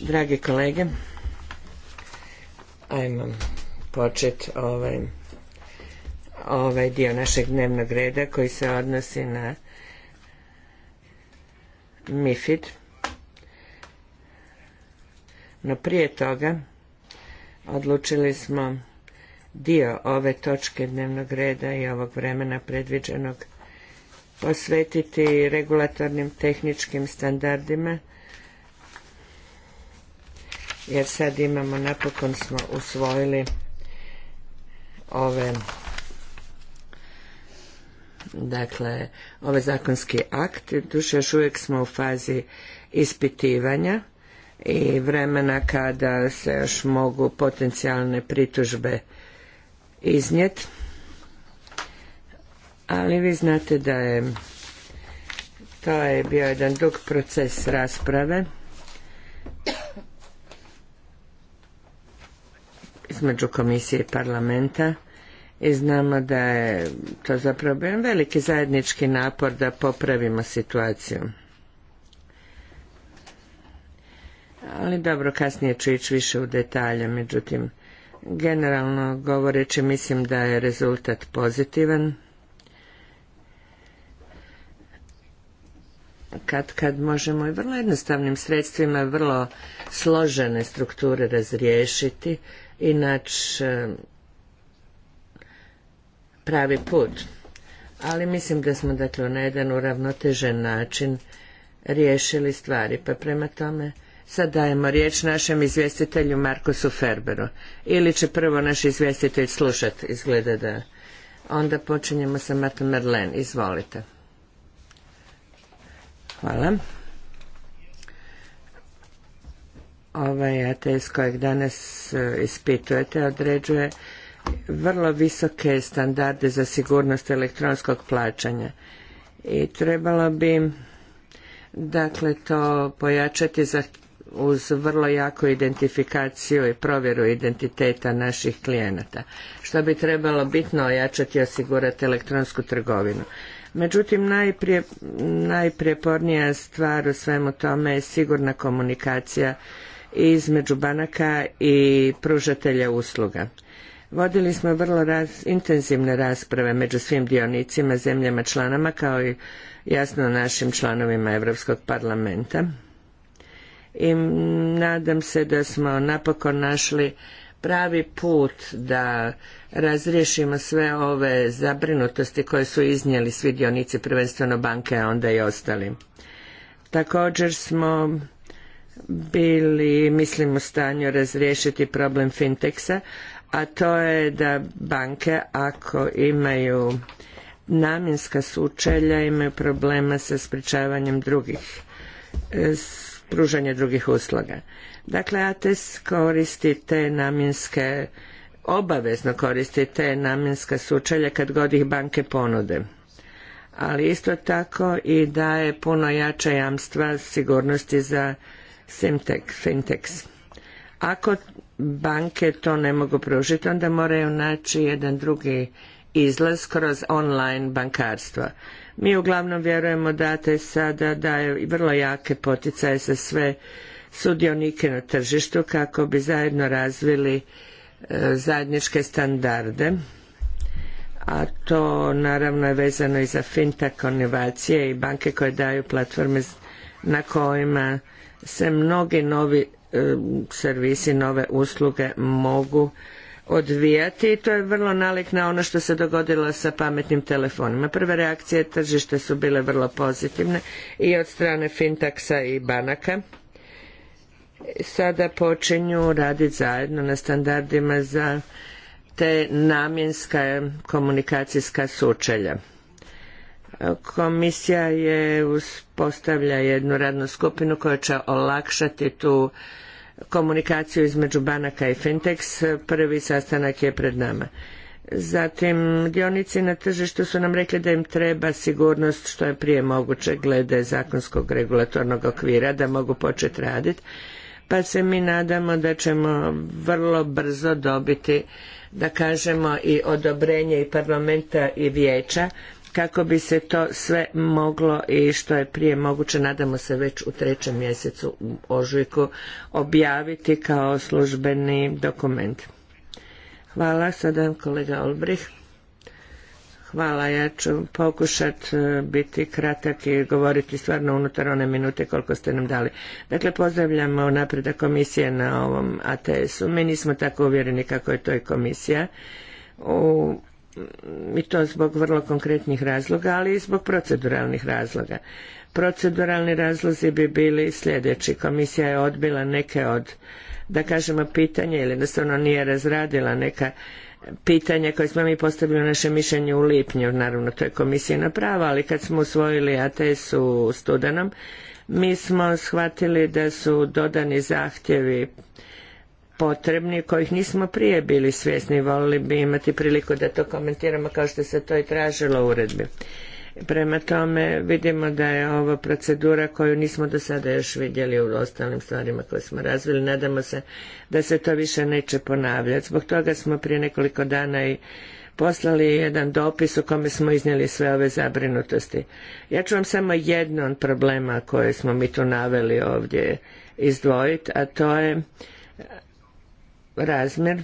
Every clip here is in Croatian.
Drage kolege, ajmo početi ovaj, ovaj dio našeg dnevnog reda koji se odnosi na MIFID. No prije toga odlučili smo dio ove točke dnevnog reda i ovog vremena predviđenog posvetiti regulatornim tehničkim standardima jer sad imamo napokon smo usvojili ove dakle ove zakonski akt duše još uvijek smo u fazi ispitivanja i vremena kada se još mogu potencijalne pritužbe iznijeti ali vi znate da je to je bio jedan dug proces rasprave između komisije i parlamenta i znamo da je to zapravo bio veliki zajednički napor da popravimo situaciju. Ali dobro, kasnije ću ići više u detalje, međutim, generalno govoreći mislim da je rezultat pozitivan. kad kad možemo i vrlo jednostavnim sredstvima vrlo složene strukture razriješiti i e, pravi put. Ali mislim da smo dakle na jedan uravnotežen način riješili stvari. Pa prema tome sad dajemo riječ našem izvjestitelju Markusu Ferberu. Ili će prvo naš izvjestitelj slušati, izgleda da. Onda počinjemo sa Martom Merlen. Izvolite. Hvala. Ovaj ATS kojeg danas e, ispitujete određuje vrlo visoke standarde za sigurnost elektronskog plaćanja i trebalo bi dakle to pojačati za, uz vrlo jaku identifikaciju i provjeru identiteta naših klijenata što bi trebalo bitno ojačati i osigurati elektronsku trgovinu Međutim, najprije, najprijepornija stvar u svemu tome je sigurna komunikacija između banaka i pružatelja usluga. Vodili smo vrlo intenzivne rasprave među svim dionicima, zemljama članama kao i jasno našim članovima Europskog parlamenta. I nadam se da smo napokon našli pravi put da razriješimo sve ove zabrinutosti koje su iznijeli svi dionici, prvenstveno banke, a onda i ostali. Također smo bili, mislim, u stanju razriješiti problem finteksa, a to je da banke ako imaju namjenska sučelja imaju problema sa spričavanjem drugih e, pružanje drugih usluga. Dakle, ATES koristi te namjenske, obavezno koristi te namjenska sučelja kad god ih banke ponude. Ali isto tako i daje puno jača jamstva sigurnosti za Fintex. Ako banke to ne mogu pružiti, onda moraju naći jedan drugi izlaz kroz online bankarstva. Mi uglavnom vjerujemo da te sada daju vrlo jake poticaje za sve sudionike na tržištu kako bi zajedno razvili e, zajedničke standarde a to naravno je vezano i za fintech inovacije i banke koje daju platforme na kojima se mnogi novi e, servisi, nove usluge mogu odvijati i to je vrlo nalik na ono što se dogodilo sa pametnim telefonima. Prve reakcije tržišta su bile vrlo pozitivne i od strane fintaksa i banaka. Sada počinju raditi zajedno na standardima za te namjenska komunikacijska sučelja. Komisija je uspostavlja jednu radnu skupinu koja će olakšati tu komunikaciju između banaka i Fintex. Prvi sastanak je pred nama. Zatim, dionici na tržištu su nam rekli da im treba sigurnost što je prije moguće glede zakonskog regulatornog okvira da mogu početi raditi. Pa se mi nadamo da ćemo vrlo brzo dobiti, da kažemo, i odobrenje i parlamenta i vijeća kako bi se to sve moglo i što je prije moguće, nadamo se već u trećem mjesecu u ožujku, objaviti kao službeni dokument. Hvala, sada kolega Olbrih. Hvala, ja ću pokušat e, biti kratak i govoriti stvarno unutar one minute koliko ste nam dali. Dakle, pozdravljamo napreda komisije na ovom ATS-u. Mi nismo tako uvjereni kako je to i komisija. U i to zbog vrlo konkretnih razloga, ali i zbog proceduralnih razloga. Proceduralni razlozi bi bili sljedeći. Komisija je odbila neke od, da kažemo, pitanja ili jednostavno nije razradila neka pitanja koje smo mi postavili u našem mišljenju u lipnju. Naravno, to je na prava, ali kad smo usvojili ATS u studenom, mi smo shvatili da su dodani zahtjevi potrebni kojih nismo prije bili svjesni volili bi imati priliku da to komentiramo kao što se to i tražilo u uredbi. Prema tome vidimo da je ovo procedura koju nismo do sada još vidjeli u ostalim stvarima koje smo razvili. Nadamo se da se to više neće ponavljati. Zbog toga smo prije nekoliko dana i poslali jedan dopis u kome smo iznijeli sve ove zabrinutosti. Ja ću vam samo jedno od problema koje smo mi tu naveli ovdje izdvojiti, a to je razmjer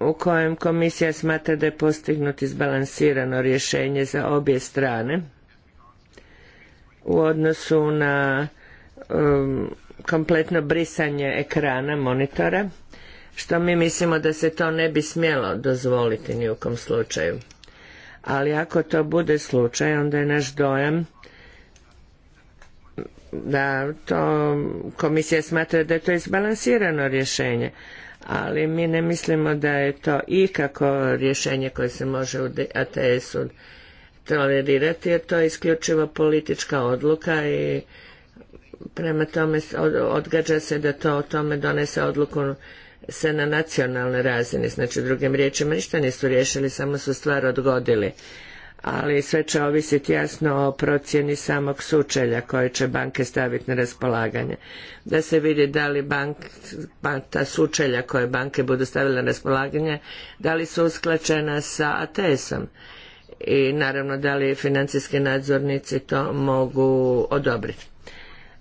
u kojem komisija smatra da je postignut izbalansirano rješenje za obje strane u odnosu na um, kompletno brisanje ekrana monitora što mi mislimo da se to ne bi smjelo dozvoliti ni u kom slučaju ali ako to bude slučaj onda je naš dojam da to komisija smatra da je to izbalansirano rješenje ali mi ne mislimo da je to ikako rješenje koje se može u ATS-u tolerirati jer to je isključivo politička odluka i prema tome odgađa se da to o tome donese odluku se na nacionalnoj razini, znači drugim riječima ništa nisu riješili, samo su stvar odgodili ali sve će ovisiti jasno o procjeni samog sučelja koje će banke staviti na raspolaganje. Da se vidi da li bank, ta sučelja koje banke budu stavile na raspolaganje, da li su usklačena sa ATS-om i naravno da li financijski nadzornici to mogu odobriti.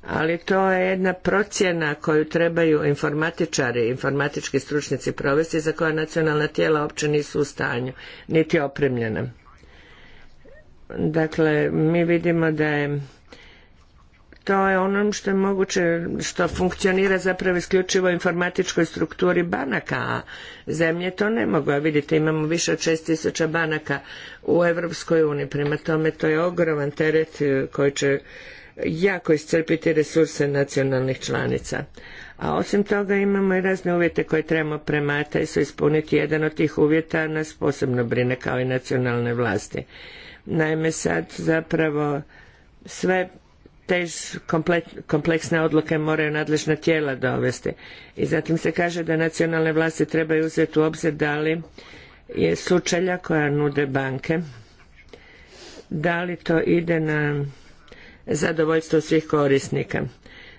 Ali to je jedna procjena koju trebaju informatičari, informatički stručnjaci provesti za koja nacionalna tijela uopće nisu u stanju, niti opremljena. Dakle, mi vidimo da je to je ono što je moguće, što funkcionira zapravo isključivo u informatičkoj strukturi banaka, a zemlje to ne mogu. A vidite, imamo više od 6000 banaka u Europskoj uniji. Prema tome, to je ogroman teret e, koji će jako iscrpiti resurse nacionalnih članica. A osim toga imamo i razne uvjete koje trebamo premata i su ispuniti. Jedan od tih uvjeta nas posebno brine kao i nacionalne vlasti. Naime, sad zapravo sve te kompleksne odluke moraju nadležna tijela dovesti. I zatim se kaže da nacionalne vlasti trebaju uzeti u obzir da li je sučelja koja nude banke, da li to ide na zadovoljstvo svih korisnika.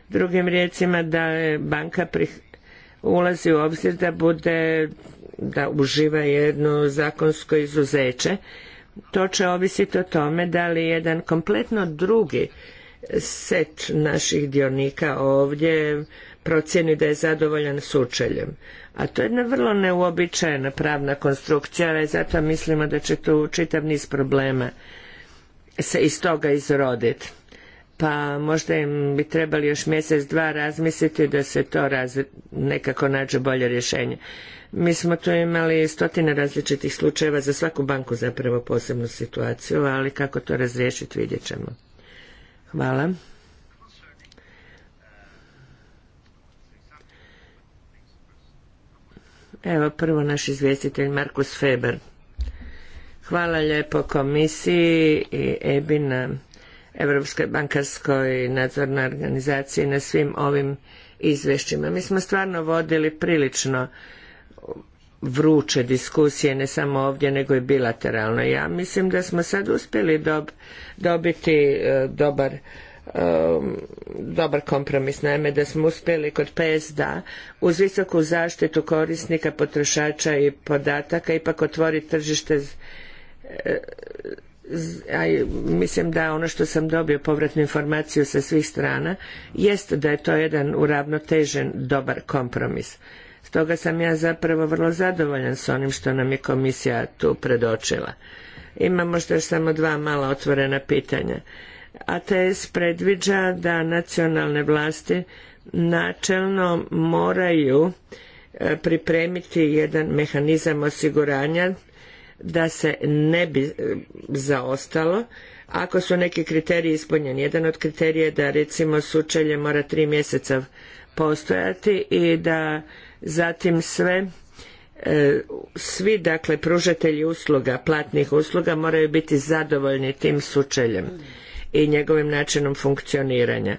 Drugim riječima da je banka pri, ulazi u obzir da bude, da uživa jedno zakonsko izuzeće to će ovisiti o tome da li jedan kompletno drugi set naših dionika ovdje procjeni da je zadovoljan sučeljem. A to je jedna vrlo neuobičajena pravna konstrukcija ali zato mislimo da će tu čitav niz problema se iz toga izroditi. Pa možda im bi trebali još mjesec, dva razmisliti da se to nekako nađe bolje rješenje. Mi smo tu imali stotine različitih slučajeva, za svaku banku zapravo posebnu situaciju, ali kako to razriješiti vidjet ćemo. Hvala. Evo prvo naš izvjestitelj Markus Feber. Hvala lijepo komisiji i EBI na Europskoj bankarskoj nadzornoj organizaciji na svim ovim izvješćima. Mi smo stvarno vodili prilično vruće diskusije, ne samo ovdje, nego i bilateralno. Ja mislim da smo sad uspjeli dobiti e, dobar e, dobar kompromis. Naime, da smo uspjeli kod PSDA uz visoku zaštitu korisnika, potrošača i podataka ipak otvoriti tržište z, e, mislim da ono što sam dobio povratnu informaciju sa svih strana jest da je to jedan uravnotežen dobar kompromis. Toga sam ja zapravo vrlo zadovoljan s onim što nam je komisija tu predočila. Imamo što još samo dva mala otvorena pitanja. ATS predviđa da nacionalne vlasti načelno moraju e, pripremiti jedan mehanizam osiguranja da se ne bi e, zaostalo ako su neki kriteriji ispunjeni. Jedan od kriterija je da recimo sučelje mora tri mjeseca postojati i da zatim sve e, svi dakle pružatelji usluga, platnih usluga moraju biti zadovoljni tim sučeljem i njegovim načinom funkcioniranja.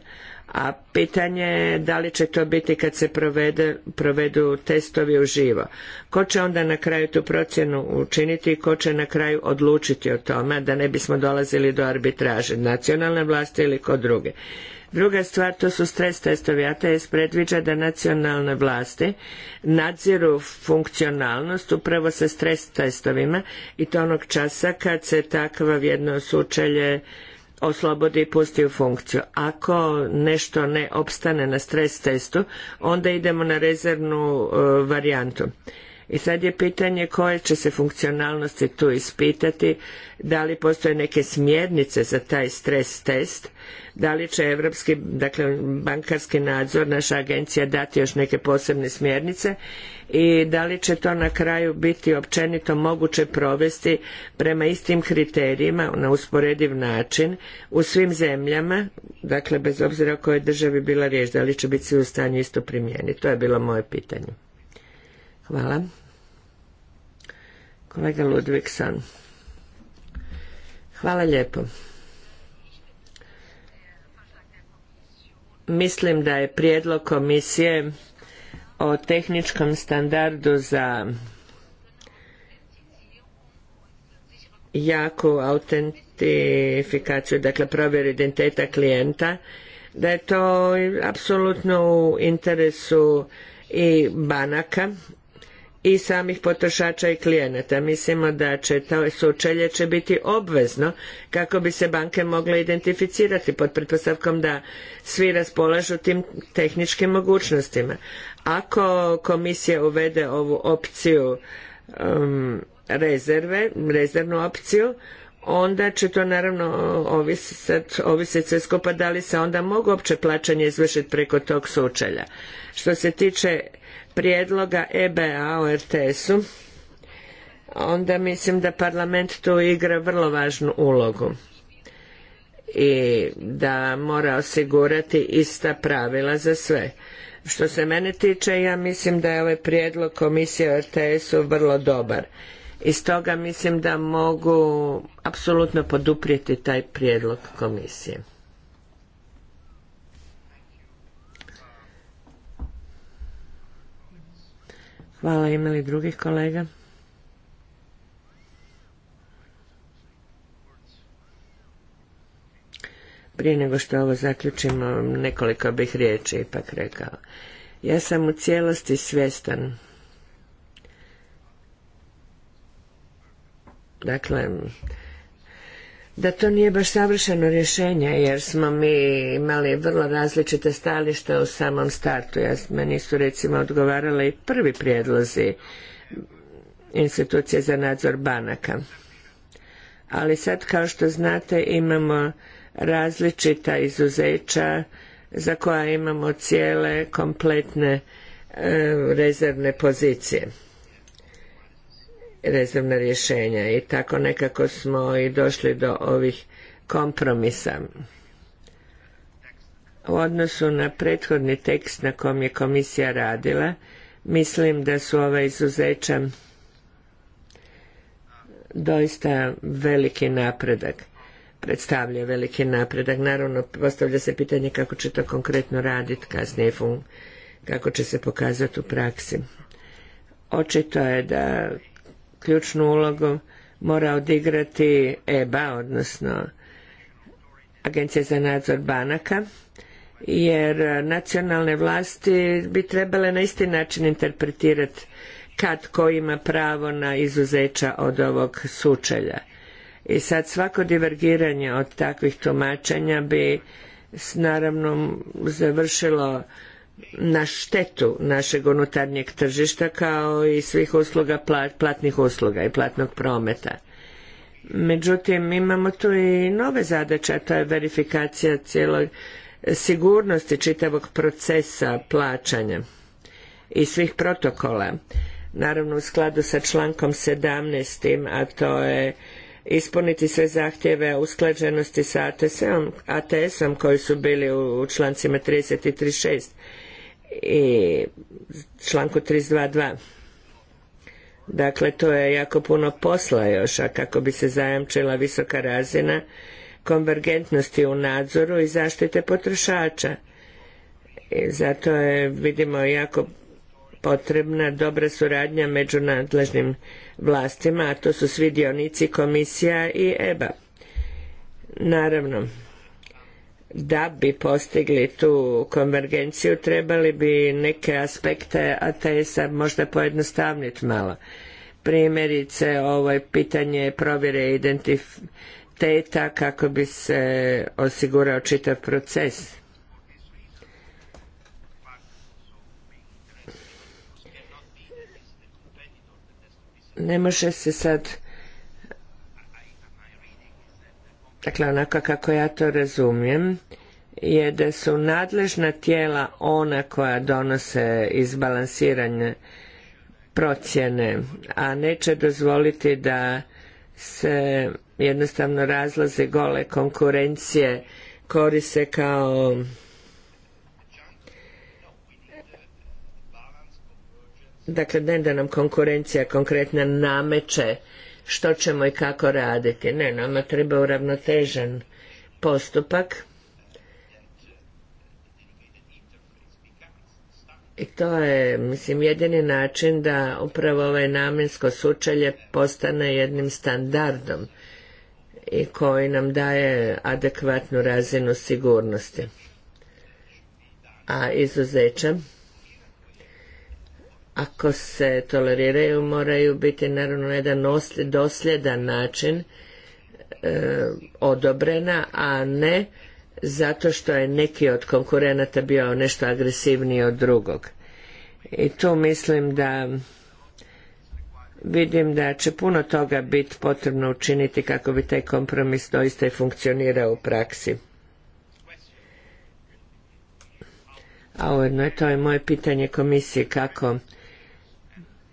A pitanje je da li će to biti kad se provede, provedu testovi živo. Ko će onda na kraju tu procjenu učiniti i ko će na kraju odlučiti o tome da ne bismo dolazili do arbitraže, nacionalne vlasti ili kod druge. Druga stvar, to su stres testovi. ATS predviđa da nacionalne vlasti nadziru funkcionalnost upravo sa stres testovima i to onog časa kad se takva jedno sučelje oslobodi i pusti u funkciju. Ako nešto ne opstane na stres testu, onda idemo na rezervnu e, varijantu. I sad je pitanje koje će se funkcionalnosti tu ispitati, da li postoje neke smjernice za taj stres test, da li će evropski, dakle bankarski nadzor, naša agencija dati još neke posebne smjernice i da li će to na kraju biti općenito moguće provesti prema istim kriterijima na usporediv način u svim zemljama, dakle bez obzira o kojoj državi bila riječ, da li će biti svi u stanju isto primijeniti. To je bilo moje pitanje. Hvala. Kolega Ludvigsan. Hvala lijepo. Mislim da je prijedlog komisije o tehničkom standardu za jaku autentifikaciju, dakle provjeru identiteta klijenta, da je to apsolutno u interesu i banaka i samih potrošača i klijenata. Mislimo da će to sučelje biti obvezno kako bi se banke mogle identificirati pod pretpostavkom da svi raspolažu tim tehničkim mogućnostima. Ako komisija uvede ovu opciju um, rezerve, rezervnu opciju, onda će to naravno ovisiti ovisit sve skupa da li se onda mogu opće plaćanje izvršiti preko tog sučelja. Što se tiče prijedloga EBA o RTS-u, onda mislim da parlament tu igra vrlo važnu ulogu i da mora osigurati ista pravila za sve. Što se mene tiče, ja mislim da je ovaj prijedlog komisije o RTS-u vrlo dobar. I stoga mislim da mogu apsolutno poduprijeti taj prijedlog komisije. Hvala, ima li drugih kolega? Prije nego što ovo zaključimo, nekoliko bih riječi ipak rekao. Ja sam u cijelosti svjestan. Dakle, da to nije baš savršeno rješenje jer smo mi imali vrlo različite stajališta u samom startu. Ja, meni su recimo odgovarali i prvi prijedlozi institucije za nadzor banaka. Ali sad kao što znate imamo različita izuzeća za koja imamo cijele kompletne e, rezervne pozicije rezervna rješenja i tako nekako smo i došli do ovih kompromisa. U odnosu na prethodni tekst na kom je komisija radila, mislim da su ova izuzeća doista veliki napredak predstavlja veliki napredak. Naravno, postavlja se pitanje kako će to konkretno raditi kasnije, kako će se pokazati u praksi. Očito je da ključnu ulogu mora odigrati EBA, odnosno Agencija za nadzor banaka, jer nacionalne vlasti bi trebale na isti način interpretirati kad ko ima pravo na izuzeća od ovog sučelja. I sad svako divergiranje od takvih tumačenja bi naravno završilo na štetu našeg unutarnjeg tržišta kao i svih usluga, platnih usluga i platnog prometa. Međutim, imamo tu i nove zadaće, a to je verifikacija cijelog sigurnosti čitavog procesa plaćanja i svih protokola. Naravno u skladu sa člankom 17. a to je ispuniti sve zahtjeve usklađenosti sa ATS-om koji su bili u člancima 30 i 36 i e, članku 322. Dakle, to je jako puno posla još, a kako bi se zajamčila visoka razina konvergentnosti u nadzoru i zaštite potrošača. I e, zato je, vidimo, jako potrebna dobra suradnja među nadležnim vlastima, a to su svi dionici komisija i EBA. Naravno, da bi postigli tu konvergenciju trebali bi neke aspekte ATS-a možda pojednostavniti malo. Primjerice ovo je pitanje provjere identiteta kako bi se osigurao čitav proces. Ne može se sad dakle onako kako ja to razumijem, je da su nadležna tijela ona koja donose izbalansiranje, procjene, a neće dozvoliti da se jednostavno razlaze gole konkurencije koriste kao dakle ne da nam konkurencija konkretna nameće što ćemo i kako raditi. Ne, nama treba uravnotežen postupak i to je, mislim, jedini način da upravo ovaj namensko sučelje postane jednim standardom i koji nam daje adekvatnu razinu sigurnosti. A izuzeće ako se toleriraju moraju biti naravno na jedan dosljedan način e, odobrena, a ne zato što je neki od konkurenata bio nešto agresivniji od drugog. I tu mislim da vidim da će puno toga biti potrebno učiniti kako bi taj kompromis doista i funkcionirao u praksi. A ujedno je to i moje pitanje komisije, kako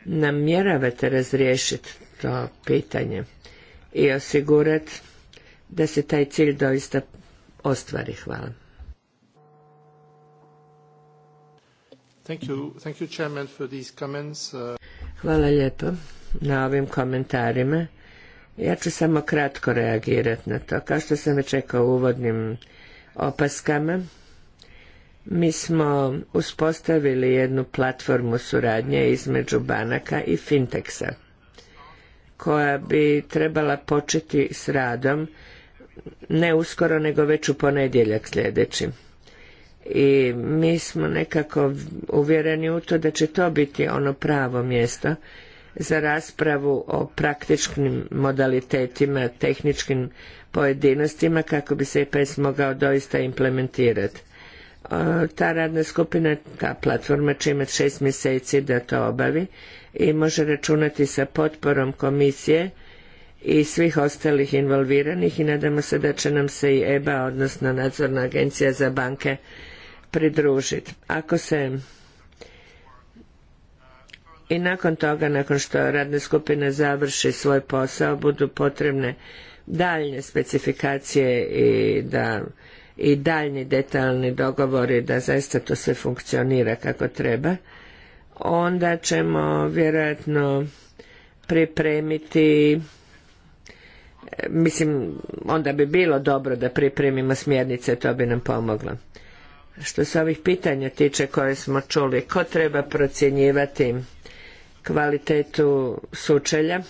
namjeravate razriješiti to pitanje i osigurati da se taj cilj doista ostvari. Hvala. Uh, Hvala lijepo na ovim komentarima. Ja ću samo kratko reagirati na to. Kao što sam već rekao u uvodnim opaskama, mi smo uspostavili jednu platformu suradnje između banaka i finteksa koja bi trebala početi s radom ne uskoro nego već u ponedjeljak sljedeći. I mi smo nekako uvjereni u to da će to biti ono pravo mjesto za raspravu o praktičnim modalitetima, tehničkim pojedinostima kako bi se IPS mogao doista implementirati. E, ta radna skupina, ta platforma će imati šest mjeseci da to obavi i može računati sa potporom komisije i svih ostalih involviranih i nadamo se da će nam se i EBA, odnosno nadzorna agencija za banke, pridružiti. Ako se i nakon toga, nakon što radna skupina završi svoj posao, budu potrebne daljnje specifikacije i da i daljni detaljni dogovori da zaista to sve funkcionira kako treba, onda ćemo vjerojatno pripremiti eh, mislim onda bi bilo dobro da pripremimo smjernice to bi nam pomoglo što se ovih pitanja tiče koje smo čuli ko treba procjenjivati kvalitetu sučelja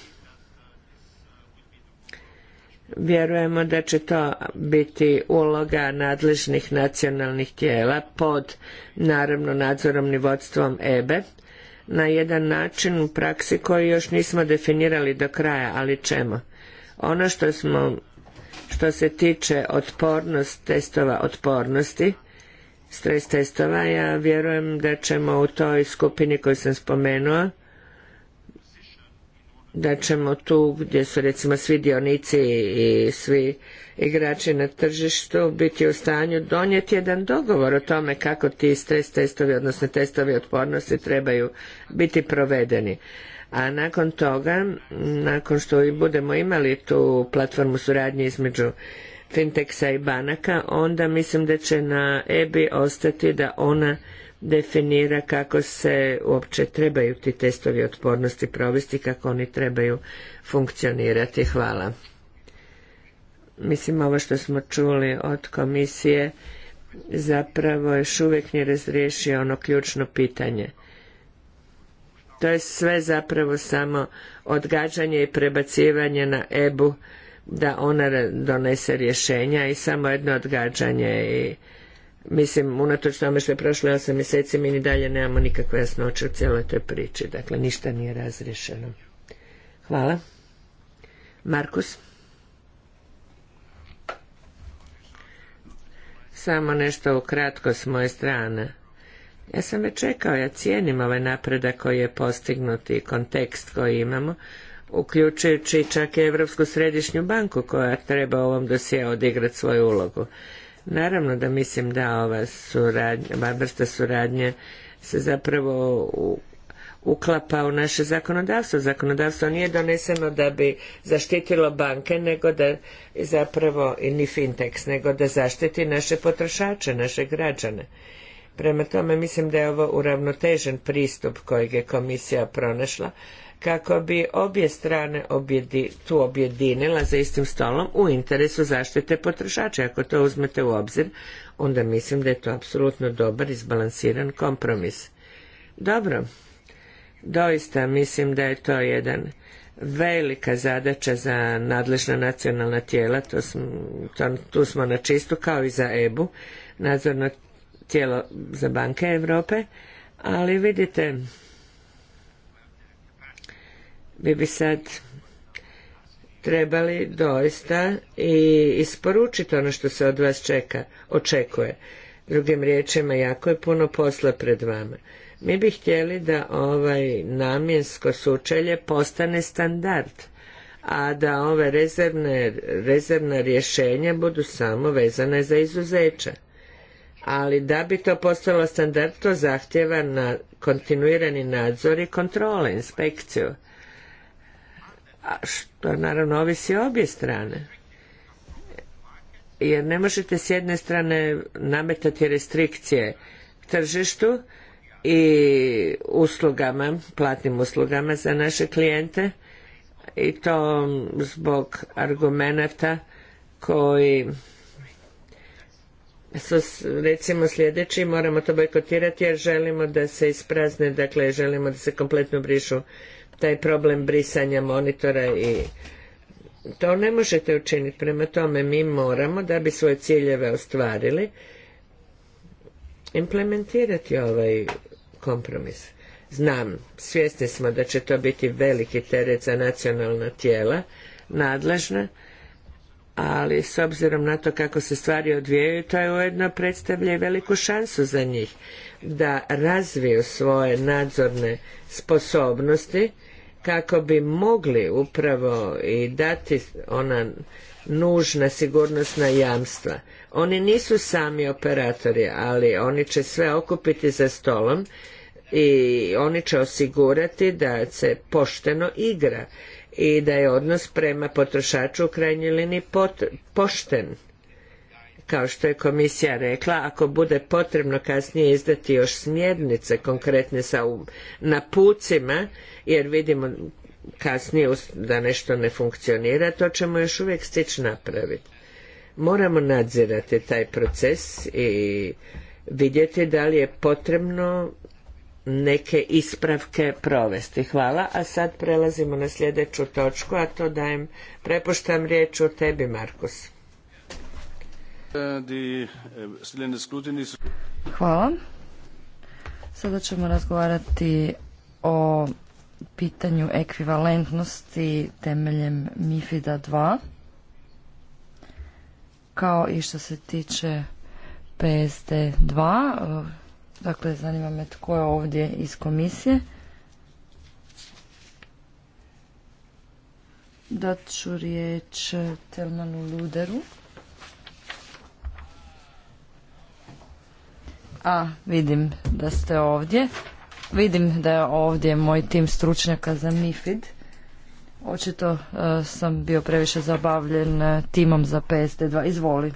vjerujemo da će to biti uloga nadležnih nacionalnih tijela pod naravno nadzorom i vodstvom EBE e na jedan način u praksi koji još nismo definirali do kraja, ali ćemo. Ono što smo što se tiče otpornost testova otpornosti, stres testova, ja vjerujem da ćemo u toj skupini koju sam spomenuo da ćemo tu gdje su recimo svi dionici i svi igrači na tržištu biti u stanju donijeti jedan dogovor o tome kako ti stres testovi, odnosno testovi otpornosti trebaju biti provedeni. A nakon toga, nakon što i budemo imali tu platformu suradnje između finteksa i banaka, onda mislim da će na EBI ostati da ona definira kako se uopće trebaju ti testovi otpornosti provesti, kako oni trebaju funkcionirati. Hvala. Mislim, ovo što smo čuli od komisije zapravo još uvijek nije razriješio ono ključno pitanje. To je sve zapravo samo odgađanje i prebacivanje na EBU da ona donese rješenja i samo jedno odgađanje i Mislim, unatoč tome što je prošlo 8 mjeseci, mi ni dalje nemamo nikakve jasnoće u cijeloj toj priči. Dakle, ništa nije razriješeno. Hvala. Markus? Samo nešto ukratko s moje strane. Ja sam već čekao, ja cijenim ovaj napredak koji je postignut i kontekst koji imamo, uključujući čak i Europsku središnju banku koja treba u ovom dosije odigrati svoju ulogu. Naravno da mislim da ova suradnja, vrsta suradnje se zapravo uklapa u naše zakonodavstvo. Zakonodavstvo nije doneseno da bi zaštitilo banke, nego da zapravo i ni fintex, nego da zaštiti naše potrošače, naše građane. Prema tome mislim da je ovo uravnotežen pristup kojeg je komisija pronašla, kako bi obje strane tu objedinila za istim stolom u interesu zaštite potrošača. Ako to uzmete u obzir, onda mislim da je to apsolutno dobar, izbalansiran kompromis. Dobro, doista mislim da je to jedan velika zadaća za nadležna nacionalna tijela, to tu smo na čistu, kao i za EBU, nadzorno tijelo za banke Europe, ali vidite, mi bi sad trebali doista i isporučiti ono što se od vas čeka, očekuje. Drugim riječima, jako je puno posla pred vama. Mi bi htjeli da ovaj namjensko sučelje postane standard, a da ove rezervne, rezervna rješenja budu samo vezane za izuzeća. Ali da bi to postalo standard, to zahtjeva na kontinuirani nadzor i kontrole, inspekciju što naravno ovisi obje strane jer ne možete s jedne strane nametati restrikcije tržištu i uslugama, platnim uslugama za naše klijente i to zbog argumenata koji su recimo sljedeći, moramo to bojkotirati jer želimo da se isprazne, dakle želimo da se kompletno brišu taj problem brisanja monitora i to ne možete učiniti. Prema tome mi moramo da bi svoje ciljeve ostvarili implementirati ovaj kompromis. Znam, svjesni smo da će to biti veliki teret za nacionalna tijela, nadležna, ali s obzirom na to kako se stvari odvijaju, to je ujedno predstavlja i veliku šansu za njih da razviju svoje nadzorne sposobnosti kako bi mogli upravo i dati ona nužna sigurnosna jamstva. Oni nisu sami operatori, ali oni će sve okupiti za stolom i oni će osigurati da se pošteno igra i da je odnos prema potrošaču u krajnjoj liniji pošten kao što je komisija rekla, ako bude potrebno kasnije izdati još smjernice konkretne sa napucima, jer vidimo kasnije da nešto ne funkcionira, to ćemo još uvijek stići napraviti. Moramo nadzirati taj proces i vidjeti da li je potrebno neke ispravke provesti. Hvala, a sad prelazimo na sljedeću točku, a to dajem, prepuštam riječ o tebi, Markus. Hvala. Sada ćemo razgovarati o pitanju ekvivalentnosti temeljem MIFIDA 2 kao i što se tiče PSD 2 dakle zanima me tko je ovdje iz komisije dat ću riječ Telmanu Luderu A, vidim da ste ovdje. Vidim da je ovdje moj tim stručnjaka za MIFID. Očito e, sam bio previše zabavljen e, timom za PSD2. Izvoli.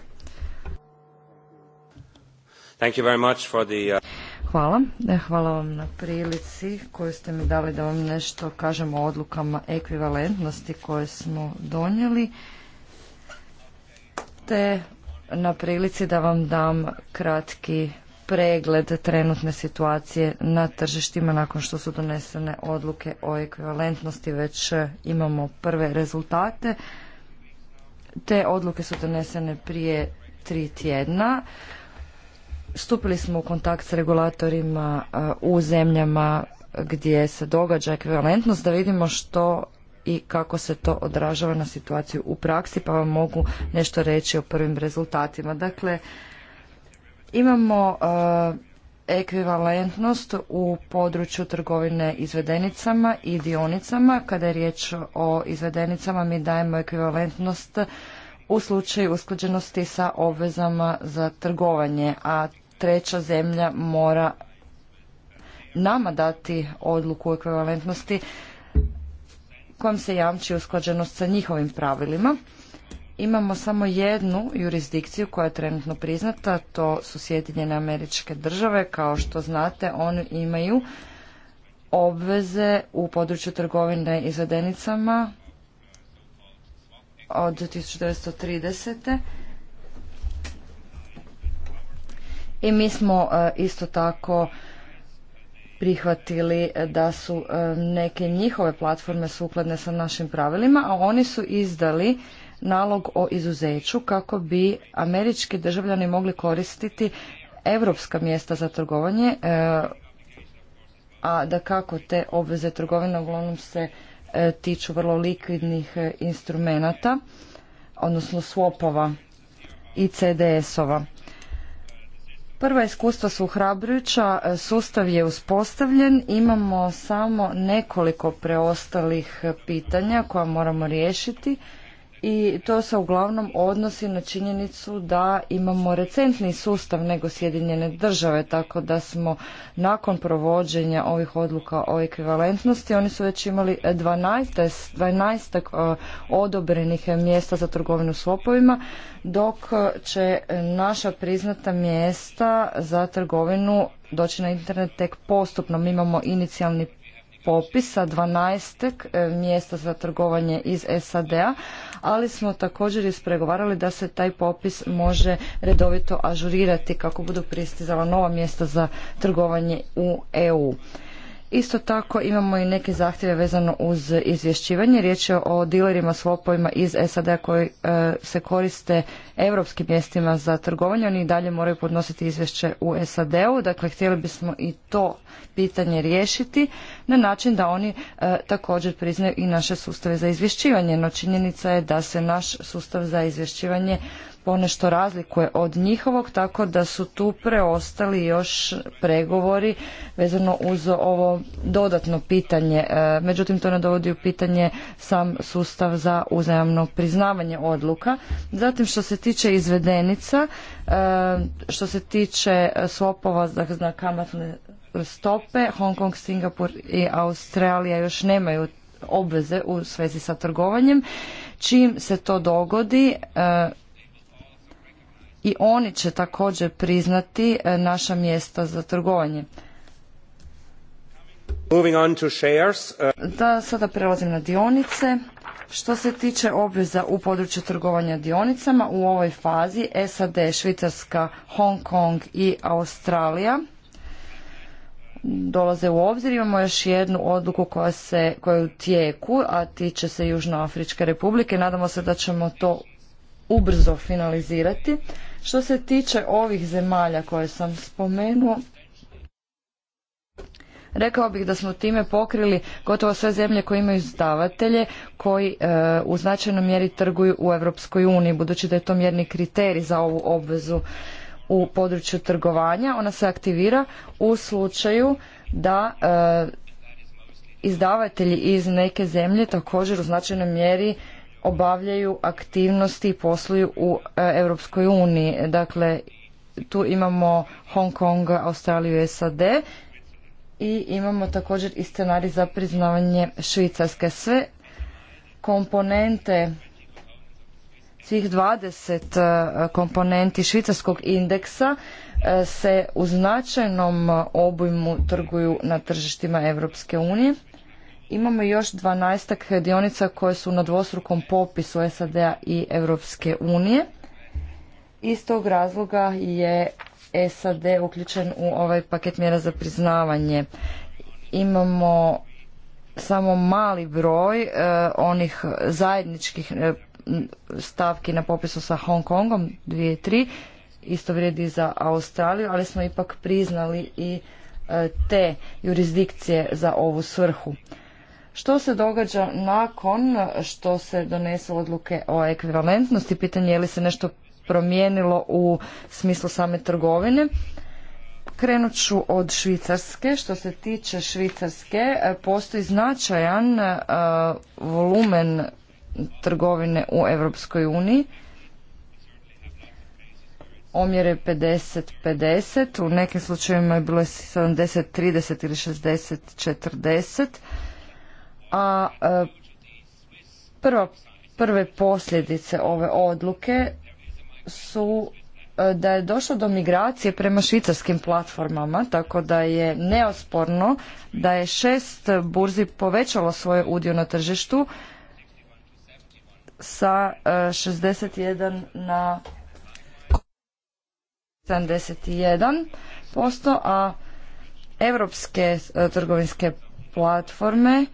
Thank uh, Hvala. E, hvala vam na prilici koju ste mi dali da vam nešto kažem o odlukama ekvivalentnosti koje smo donijeli te na prilici da vam dam kratki pregled trenutne situacije na tržištima nakon što su donesene odluke o ekvivalentnosti, već e, imamo prve rezultate. Te odluke su donesene prije tri tjedna. Stupili smo u kontakt s regulatorima e, u zemljama gdje se događa ekvivalentnost da vidimo što i kako se to odražava na situaciju u praksi, pa vam mogu nešto reći o prvim rezultatima. Dakle, Imamo e, ekvivalentnost u području trgovine izvedenicama i dionicama. Kada je riječ o izvedenicama mi dajemo ekvivalentnost u slučaju usklađenosti sa obvezama za trgovanje, a treća zemlja mora nama dati odluku o ekvivalentnosti kojom se jamči usklađenost sa njihovim pravilima. Imamo samo jednu jurisdikciju koja je trenutno priznata, to su Sjedinjene američke države. Kao što znate, oni imaju obveze u području trgovine izvedenicama od 1930. I mi smo e, isto tako prihvatili da su e, neke njihove platforme sukladne sa našim pravilima, a oni su izdali nalog o izuzeću kako bi američki državljani mogli koristiti europska mjesta za trgovanje, e, a da kako te obveze trgovine uglavnom se e, tiču vrlo likvidnih e, instrumenata, odnosno swapova i CDS-ova. Prva iskustva su hrabrujuća, sustav je uspostavljen, imamo samo nekoliko preostalih pitanja koja moramo riješiti i to se uglavnom odnosi na činjenicu da imamo recentni sustav nego Sjedinjene države, tako da smo nakon provođenja ovih odluka o ekvivalentnosti, oni su već imali 12, 12 e, odobrenih mjesta za trgovinu slopovima, dok e, će naša priznata mjesta za trgovinu doći na internet tek postupno. Mi imamo inicijalni popisa 12. E, mjesta za trgovanje iz SAD-a, ali smo također ispregovarali da se taj popis može redovito ažurirati kako budu pristizala nova mjesta za trgovanje u EU. Isto tako imamo i neke zahtjeve vezano uz izvješćivanje. Riječ je o dilerima s iz sad koji e, se koriste europskim mjestima za trgovanje. Oni i dalje moraju podnositi izvješće u SAD-u. Dakle, htjeli bismo i to pitanje riješiti na način da oni e, također priznaju i naše sustave za izvješćivanje. No činjenica je da se naš sustav za izvješćivanje ponešto razlikuje od njihovog, tako da su tu preostali još pregovori vezano uz ovo dodatno pitanje. E, međutim, to ne dovodi u pitanje sam sustav za uzajamno priznavanje odluka. Zatim, što se tiče izvedenica, e, što se tiče swapova za kamatne stope, Hong Kong, Singapur i Australija još nemaju obveze u svezi sa trgovanjem. Čim se to dogodi, e, i oni će također priznati e, naša mjesta za trgovanje. Uh, da sada prelazim na dionice. Što se tiče obveza u području trgovanja dionicama, u ovoj fazi SAD, Švicarska, Hong Kong i Australija dolaze u obzir. Imamo još jednu odluku koja, se, koja je u tijeku, a tiče se Južnoafričke republike. Nadamo se da ćemo to ubrzo finalizirati. Što se tiče ovih zemalja koje sam spomenuo, Rekao bih da smo time pokrili gotovo sve zemlje koje imaju izdavatelje koji e, u značajnom mjeri trguju u Europskoj uniji, budući da je to mjerni kriterij za ovu obvezu u području trgovanja. Ona se aktivira u slučaju da e, izdavatelji iz neke zemlje također u značajnoj mjeri obavljaju aktivnosti i posluju u e, Europskoj uniji. Dakle, tu imamo Hong Kong, Australiju i SAD i imamo također i scenarij za priznavanje Švicarske. Sve komponente svih 20 e, komponenti švicarskog indeksa e, se u značajnom obujmu trguju na tržištima Europske unije Imamo još 12 dionica koje su na dvostrukom popisu SAD-a i Europske unije. Iz tog razloga je SAD uključen u ovaj paket mjera za priznavanje. Imamo samo mali broj e, onih zajedničkih e, stavki na popisu sa Hong Kongom, dvije i isto vrijedi za Australiju, ali smo ipak priznali i e, te jurisdikcije za ovu svrhu. Što se događa nakon što se donese odluke o ekvivalentnosti? Pitanje je li se nešto promijenilo u smislu same trgovine. Krenut ću od Švicarske. Što se tiče Švicarske, postoji značajan e, volumen trgovine u Evropskoj uniji. Omjer je 50-50, u nekim slučajevima je bilo 70-30 ili 60-40 a e, prve posljedice ove odluke su e, da je došlo do migracije prema švicarskim platformama, tako da je neosporno da je šest burzi povećalo svoje udio na tržištu sa 61 e, na 71%, a europske trgovinske platforme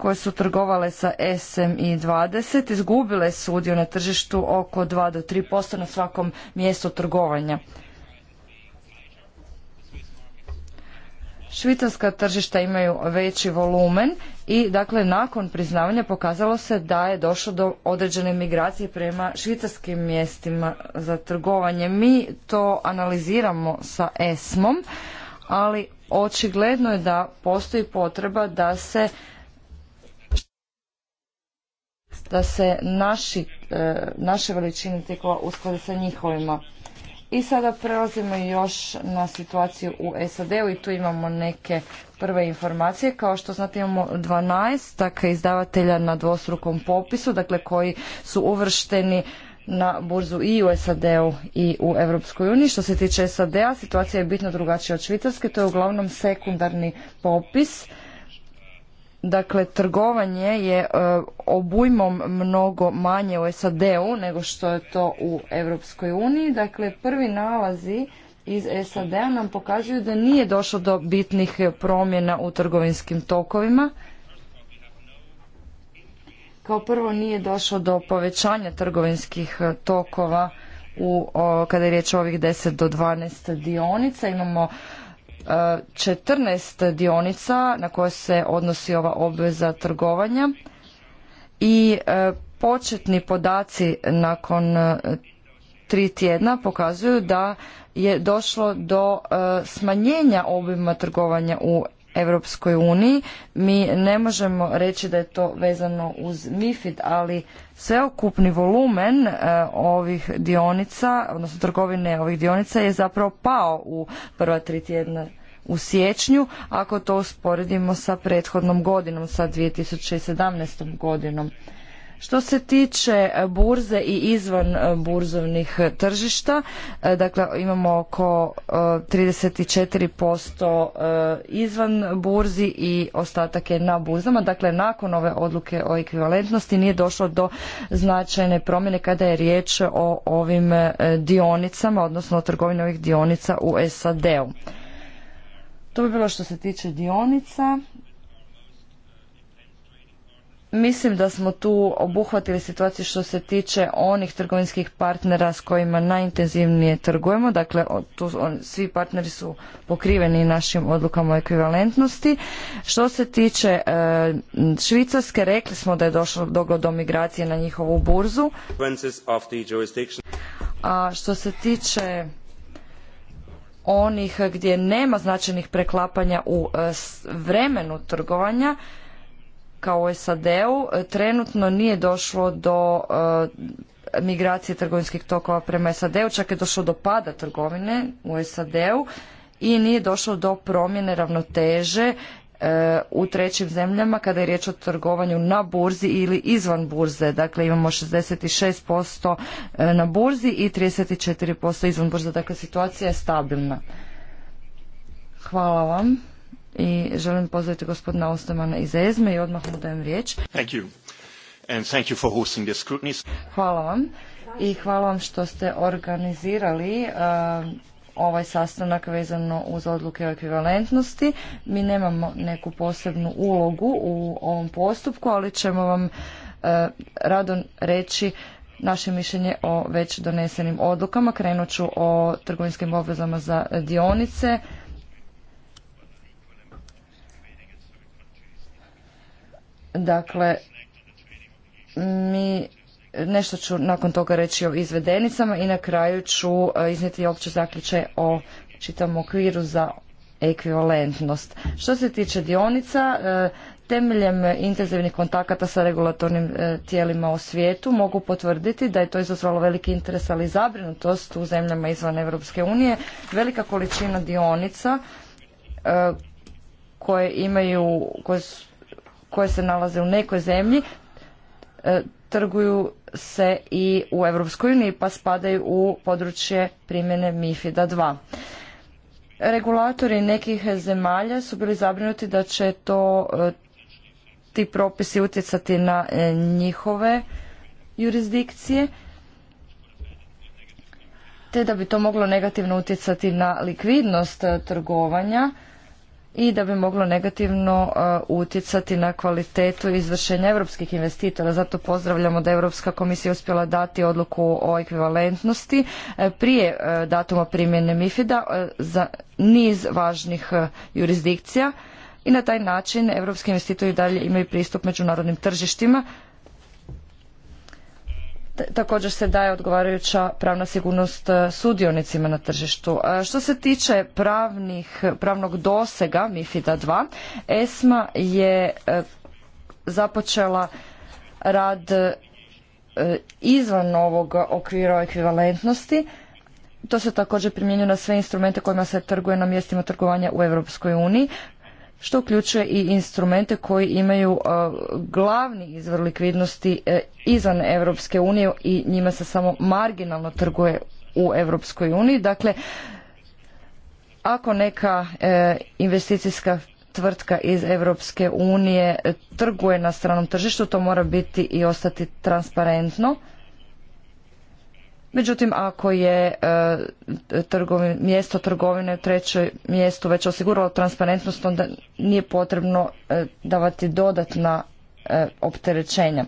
koje su trgovale sa SMI 20 izgubile su udio na tržištu oko 2 do 3% na svakom mjestu trgovanja. Švicarska tržišta imaju veći volumen i dakle nakon priznavanja pokazalo se da je došlo do određene migracije prema švicarskim mjestima za trgovanje. Mi to analiziramo sa ESMom, ali očigledno je da postoji potreba da se da se naši, e, naše veličine tijekova usklade sa njihovima. I sada prelazimo još na situaciju u SAD-u i tu imamo neke prve informacije. Kao što znate imamo 12 takve izdavatelja na dvostrukom popisu, dakle koji su uvršteni na burzu i u SAD-u i u Europskoj uniji. Što se tiče SAD-a, situacija je bitno drugačija od Švicarske, to je uglavnom sekundarni popis Dakle, trgovanje je e, obujmom mnogo manje u SAD-u nego što je to u Europskoj uniji. Dakle, prvi nalazi iz SAD-a nam pokazuju da nije došlo do bitnih promjena u trgovinskim tokovima. Kao prvo nije došlo do povećanja trgovinskih e, tokova u, kada je riječ o ovih 10 do 12 dionica. Imamo 14 dionica na koje se odnosi ova obveza trgovanja i e, početni podaci nakon e, tri tjedna pokazuju da je došlo do e, smanjenja obima trgovanja u Europskoj uniji. Mi ne možemo reći da je to vezano uz MIFID, ali sveukupni volumen e, ovih dionica, odnosno trgovine ovih dionica je zapravo pao u prva tri tjedna u siječnju, ako to usporedimo sa prethodnom godinom, sa 2017. godinom. Što se tiče burze i izvan e, burzovnih e, tržišta, e, dakle imamo oko 34% izvan burzi i ostatak je na burzama. Dakle, nakon ove odluke o ekvivalentnosti nije došlo do značajne promjene kada je riječ o ovim dionicama, odnosno o trgovini ovih dionica u SAD-u. To bi bilo što se tiče dionica. Mislim da smo tu obuhvatili situaciju što se tiče onih trgovinskih partnera s kojima najintenzivnije trgujemo. Dakle, tu, svi partneri su pokriveni našim odlukama o ekvivalentnosti. Što se tiče e, Švicarske, rekli smo da je došlo do, do migracije na njihovu burzu. A što se tiče onih gdje nema značajnih preklapanja u e, vremenu trgovanja, kao u SAD-u trenutno nije došlo do e, migracije trgovinskih tokova prema SAD-u, čak je došlo do pada trgovine u SAD-u i nije došlo do promjene ravnoteže e, u trećim zemljama kada je riječ o trgovanju na burzi ili izvan burze. Dakle, imamo 66% e, na burzi i 34% izvan burze. Dakle, situacija je stabilna. Hvala vam i želim pozdraviti gospodina Ostamana iz EZME i odmah mu dajem riječ. Thank hvala vam i hvala vam što ste organizirali uh, ovaj sastanak vezano uz odluke o ekvivalentnosti. Mi nemamo neku posebnu ulogu u ovom postupku, ali ćemo vam uh, rado reći naše mišljenje o već donesenim odlukama. Krenut ću o trgovinskim obvezama za dionice, Dakle, mi nešto ću nakon toga reći o izvedenicama i na kraju ću e, iznijeti opće zaključe o čitavom okviru za ekvivalentnost. Što se tiče dionica, e, temeljem intenzivnih kontakata sa regulatornim e, tijelima u svijetu mogu potvrditi da je to izazvalo veliki interes, ali i zabrinutost u zemljama izvan Europske unije. Velika količina dionica koje imaju, koje su koje se nalaze u nekoj zemlji e, trguju se i u EU uniji pa spadaju u područje primjene MIFID-a 2. Regulatori nekih zemalja su bili zabrinuti da će to e, ti propisi utjecati na e, njihove jurisdikcije te da bi to moglo negativno utjecati na likvidnost trgovanja i da bi moglo negativno e, utjecati na kvalitetu izvršenja europskih investitora. Zato pozdravljamo da je Europska komisija uspjela dati odluku o ekvivalentnosti e, prije e, datuma primjene MIFID-a za niz važnih jurisdikcija i na taj način europski investitori dalje imaju pristup međunarodnim tržištima također se daje odgovarajuća pravna sigurnost e, sudionicima na tržištu. E, što se tiče pravnih, pravnog dosega MIFIDA 2, ESMA je e, započela rad izvan ovog okvira ekvivalentnosti. To se također primjenjuje na sve instrumente kojima se trguje na mjestima trgovanja u Europskoj uniji što uključuje i instrumente koji imaju e, glavni izvor likvidnosti e, izvan Europske unije i njima se samo marginalno trguje u Europskoj uniji. Dakle, ako neka e, investicijska tvrtka iz Europske unije trguje na stranom tržištu, to mora biti i ostati transparentno Međutim, ako je e, mjesto trgovine u trećoj mjestu već osiguralo transparentnost, onda nije potrebno e, davati dodatna e, opterećenja.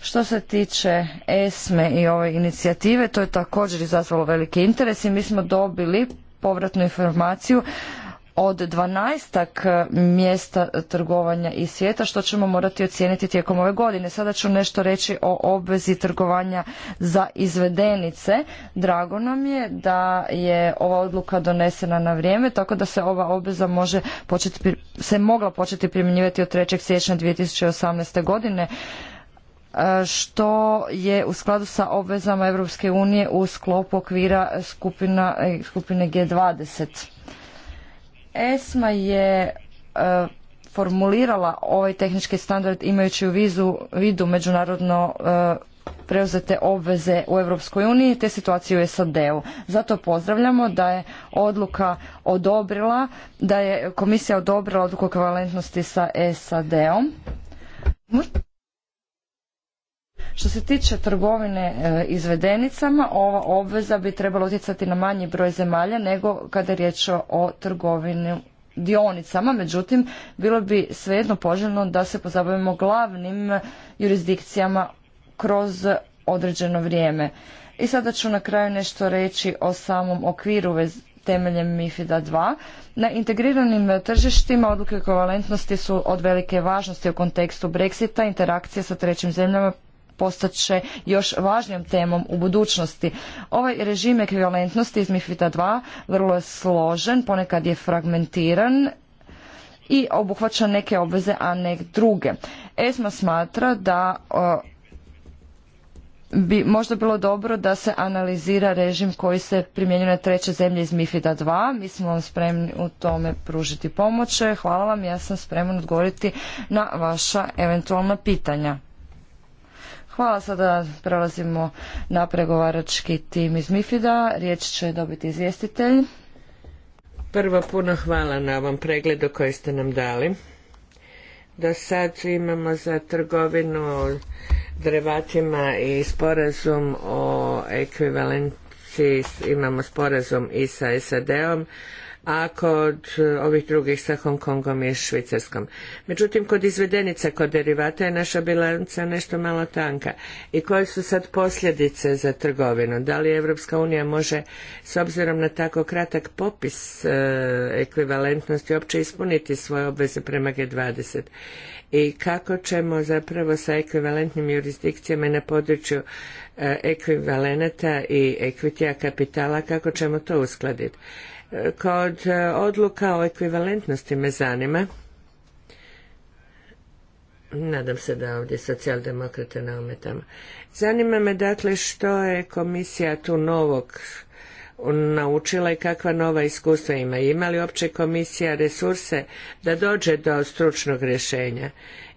Što se tiče ESME i ove inicijative, to je također izazvalo veliki interes i mi smo dobili povratnu informaciju od 12 eh, mjesta trgovanja i svijeta što ćemo morati ocijeniti tijekom ove godine. Sada ću nešto reći o obvezi trgovanja za izvedenice. Drago nam je da je ova odluka donesena na vrijeme tako da se ova obveza može početi, se mogla početi primjenjivati od 3. siječnja 2018. godine eh, što je u skladu sa obvezama Europske unije u sklopu okvira skupina, eh, skupine G20. ESMA je e, formulirala ovaj tehnički standard imajući u vizu, vidu međunarodno e, preuzete obveze u Europskoj uniji te situaciju u SAD-u. Zato pozdravljamo da je odluka odobrila, da je komisija odobrila odluku ekvivalentnosti sa SAD-om. Što se tiče trgovine e, izvedenicama, ova obveza bi trebala utjecati na manji broj zemalja nego kada je riječ o trgovini dionicama, međutim bilo bi svejedno poželjno da se pozabavimo glavnim jurisdikcijama kroz određeno vrijeme. I sada ću na kraju nešto reći o samom okviru temeljem MIFIDA 2. Na integriranim tržištima odluke ekvivalentnosti su od velike važnosti u kontekstu Brexita, interakcije sa trećim zemljama, postat će još važnijom temom u budućnosti. Ovaj režim ekvivalentnosti iz mifid 2 vrlo je složen, ponekad je fragmentiran i obuhvaća neke obveze, a ne druge. ESMA smatra da bi možda bilo dobro da se analizira režim koji se primjenjuje na treće zemlje iz MIFIDA 2. Mi smo vam spremni u tome pružiti pomoće. Hvala vam, ja sam spreman odgovoriti na vaša eventualna pitanja. Hvala sada prelazimo na pregovarački tim iz Mifida. Riječ će dobiti izvjestitelj. Prvo puno hvala na ovom pregledu koji ste nam dali. Do sad imamo za trgovinu drevatima i sporazum o ekvivalenciji, imamo sporazum i sa SAD-om, a kod e, ovih drugih sa Hong Kongom i Švicarskom. Međutim, kod izvedenica, kod derivata je naša bilanca nešto malo tanka. I koje su sad posljedice za trgovinu? Da li Evropska unija može, s obzirom na tako kratak popis e, ekvivalentnosti, opće ispuniti svoje obveze prema G20? I kako ćemo zapravo sa ekvivalentnim jurisdikcijama na području e, ekvivalenata i ekvitija kapitala, kako ćemo to uskladiti? Kod e, odluka o ekvivalentnosti me zanima. Nadam se da ovdje socijaldemokrate ne ometamo. Zanima me dakle što je komisija tu novog naučila i kakva nova iskustva ima. Ima li uopće komisija resurse da dođe do stručnog rješenja?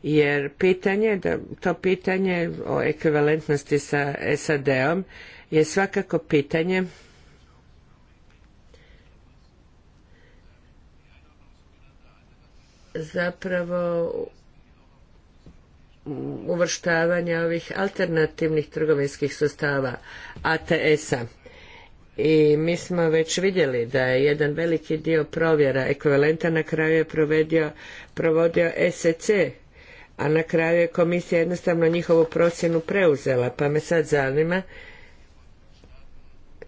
Jer pitanje, to pitanje o ekvivalentnosti sa SAD-om je svakako pitanje zapravo uvrštavanja ovih alternativnih trgovinskih sustava ATS-a. I mi smo već vidjeli da je jedan veliki dio provjera ekvivalenta na kraju je provodio SEC, a na kraju je komisija jednostavno njihovu procjenu preuzela. Pa me sad zanima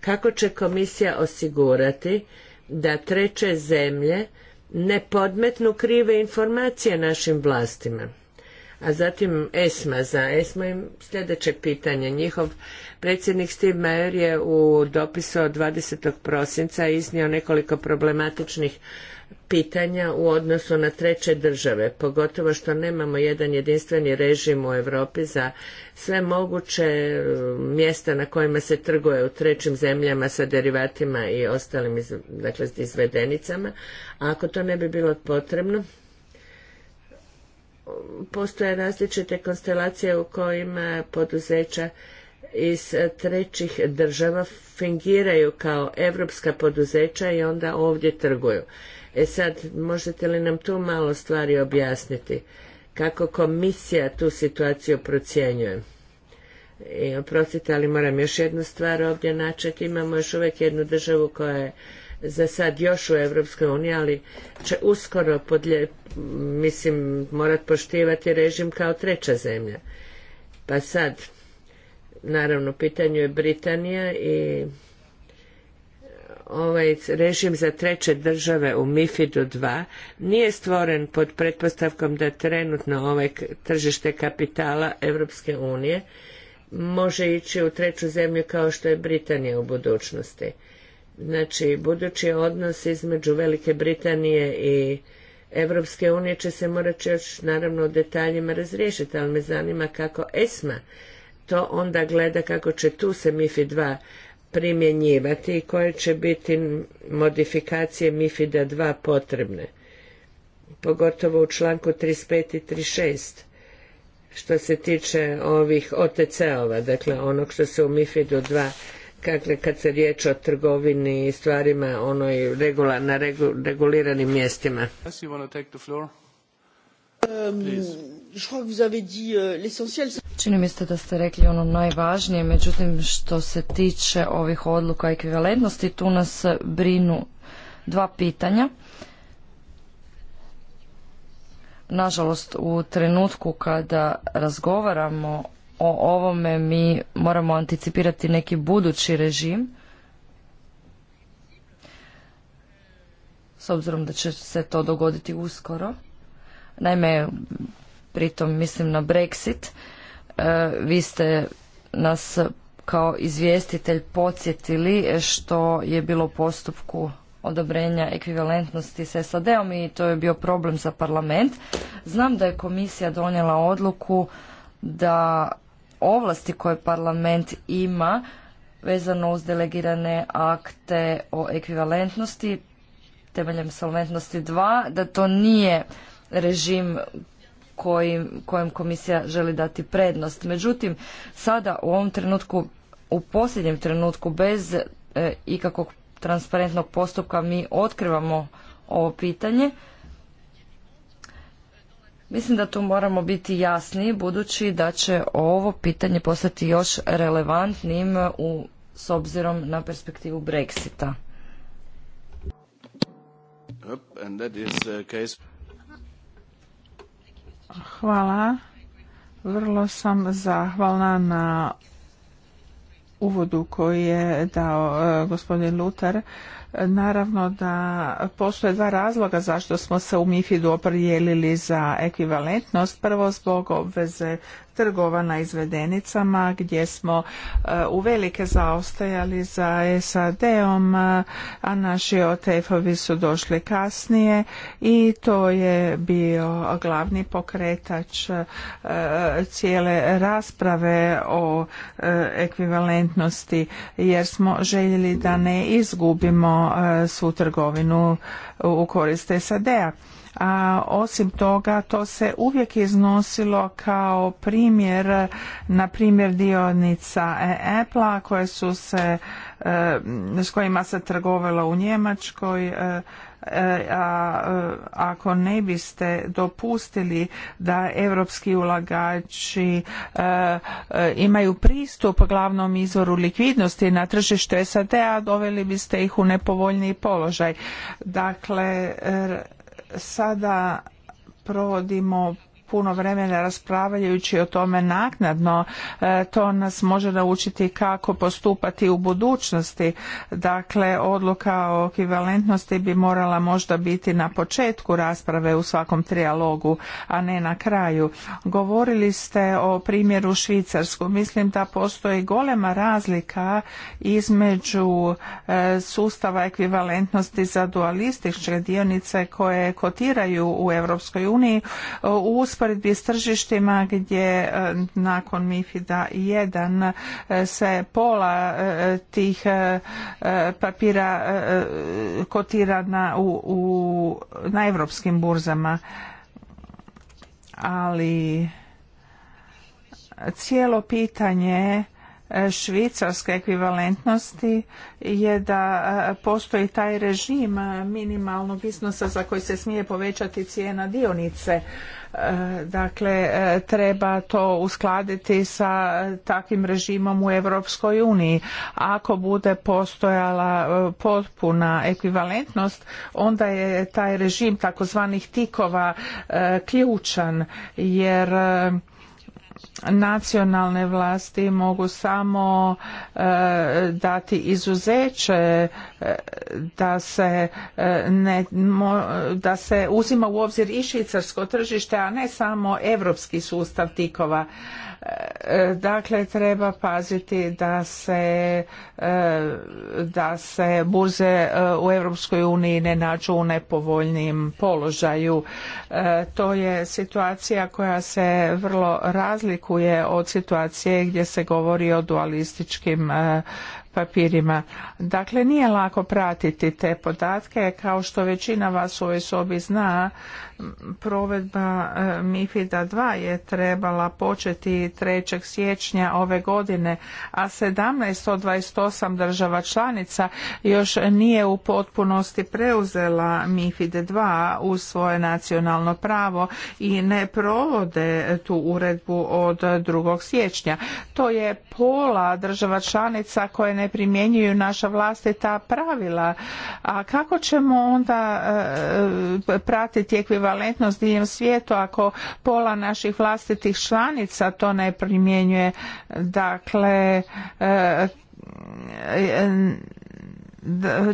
kako će komisija osigurati da treće zemlje ne podmetnu krive informacije našim vlastima. A zatim ESMA za ESMA im sljedeće pitanje. Njihov predsjednik Steve Mayer je u dopisu od 20. prosinca iznio nekoliko problematičnih pitanja u odnosu na treće države, pogotovo što nemamo jedan jedinstveni režim u Europi za sve moguće um, mjesta na kojima se trguje u trećim zemljama sa derivatima i ostalim dakle, izvedenicama. A ako to ne bi bilo potrebno, postoje različite konstelacije u kojima poduzeća iz trećih država fingiraju kao europska poduzeća i onda ovdje trguju. E sad, možete li nam tu malo stvari objasniti? Kako komisija tu situaciju procjenjuje? I oprostite, ali moram još jednu stvar ovdje načeti. Imamo još uvijek jednu državu koja je za sad još u Evropskoj uniji, ali će uskoro podlje, mislim, morat poštivati režim kao treća zemlja. Pa sad, naravno, pitanju je Britanija i ovaj režim za treće države u MIFID-u 2 nije stvoren pod pretpostavkom da trenutno ovaj tržište kapitala Europske unije može ići u treću zemlju kao što je Britanija u budućnosti. Znači, budući odnos između Velike Britanije i Evropske unije će se morati još naravno u detaljima razriješiti, ali me zanima kako ESMA to onda gleda kako će tu se MIFI 2 primjenjivati i koje će biti modifikacije mifid 2 potrebne, pogotovo u članku 35 i 36 što se tiče ovih OTC-ova, dakle onog što se u MIFID-u 2 Dakle, kad se riječ o trgovini i stvarima onoj na reguliranim mjestima. Euh, euh, Čini mi se da ste rekli ono najvažnije, međutim što se tiče ovih odluka ekvivalentnosti, tu nas brinu dva pitanja. Nažalost, u trenutku kada razgovaramo o ovome, mi moramo anticipirati neki budući režim. S obzirom da će se to dogoditi uskoro. Naime, pritom mislim na Brexit. E, vi ste nas kao izvjestitelj podsjetili što je bilo u postupku odobrenja ekvivalentnosti s SAD-om i to je bio problem za parlament. Znam da je komisija donijela odluku da ovlasti koje parlament ima vezano uz delegirane akte o ekvivalentnosti temeljem solventnosti 2, da to nije režim kojem komisija želi dati prednost. Međutim, sada u ovom trenutku, u posljednjem trenutku, bez e, ikakvog transparentnog postupka mi otkrivamo ovo pitanje. Mislim da tu moramo biti jasni budući da će ovo pitanje postati još relevantnim u, s obzirom na perspektivu Brexita. Hvala. Vrlo sam zahvalna na uvodu koji je dao e, gospodin Luter. Naravno da postoje dva razloga zašto smo se u MIFID-u opredijelili za ekvivalentnost. Prvo zbog obveze trgovana izvedenicama gdje smo e, uvelike zaostajali za SAD-om, e, a naši OTF-ovi su došli kasnije i to je bio glavni pokretač e, cijele rasprave o ekvivalentnosti jer smo željeli da ne izgubimo svu trgovinu u korist SAD-a a osim toga to se uvijek iznosilo kao primjer na primjer dionica Apple-a koje su se e, s kojima se trgovalo u Njemačkoj e, e, a ako ne biste dopustili da europski ulagači imaju pristup glavnom izvoru likvidnosti na tržištu SAD-a doveli biste ih u nepovoljniji položaj. Dakle, sada provodimo puno vremena raspravljajući o tome naknadno. E, to nas može naučiti kako postupati u budućnosti. Dakle, odluka o ekvivalentnosti bi morala možda biti na početku rasprave u svakom trijalogu, a ne na kraju. Govorili ste o primjeru Švicarsku. Mislim da postoji golema razlika između e, sustava ekvivalentnosti za dualističke dionice koje kotiraju u Europskoj uniji e, uz usporedbi s tržištima gdje e, nakon MIFIDA jedan e, se pola e, tih papira kotira na, u, na europskim burzama. Ali cijelo pitanje švicarske ekvivalentnosti je da postoji taj režim minimalnog iznosa za koji se smije povećati cijena dionice. Dakle, treba to uskladiti sa takvim režimom u Europskoj uniji. Ako bude postojala potpuna ekvivalentnost, onda je taj režim takozvanih tikova ključan, jer nacionalne vlasti mogu samo e, dati izuzeće e, da se e, ne da se uzima u obzir i švicarsko tržište a ne samo europski sustav tikova E, dakle, treba paziti da se, e, da se burze e, u Europskoj uniji ne nađu u nepovoljnim položaju. To je situacija koja se vrlo razlikuje od situacije gdje se govori o dualističkim papirima. Dakle, nije lako pratiti te podatke. Kao što većina vas u ovoj sobi zna, provedba e, Mifida 2 je trebala početi 3. siječnja ove godine, a 17 od 28 država članica još nije u potpunosti preuzela MIFID 2 u svoje nacionalno pravo i ne provode tu uredbu od 2. siječnja. To je pola država članica koje ne primjenjuju naša vlastita pravila. A kako ćemo onda e, pratiti ekvivalentnost ekvivalentnost diljem svijeta ako pola naših vlastitih članica to ne primjenjuje. Dakle, e, e,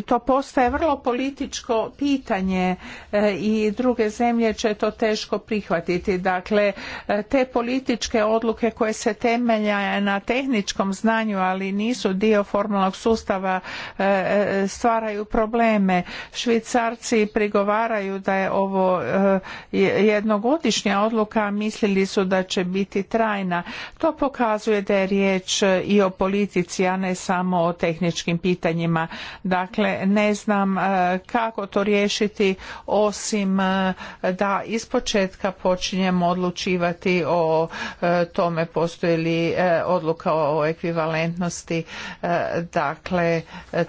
to postaje vrlo političko pitanje e, i druge zemlje će to teško prihvatiti. Dakle, e, te političke odluke koje se temelja na tehničkom znanju, ali nisu dio formalnog sustava, e, stvaraju probleme. Švicarci prigovaraju da je ovo jednogodišnja odluka, mislili su da će biti trajna. To pokazuje da je riječ i o politici, a ne samo o tehničkim pitanjima Dakle, ne znam e, kako to riješiti osim e, da ispočetka počinjemo odlučivati o e, tome postoji li odluka o ekvivalentnosti. Dakle,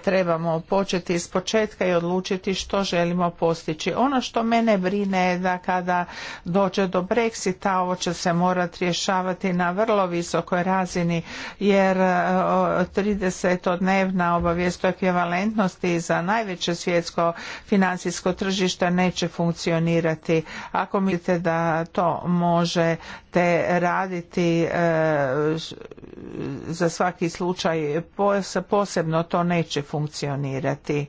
trebamo početi ispočetka i odlučiti što želimo postići. Ono što mene brine je da kada dođe do Brexita ovo će se morati rješavati na vrlo visokoj razini jer 30 dnevna obavijest o konkurentnosti za najveće svjetsko financijsko tržište neće funkcionirati. Ako mislite da to možete raditi e, za svaki slučaj posebno, to neće funkcionirati.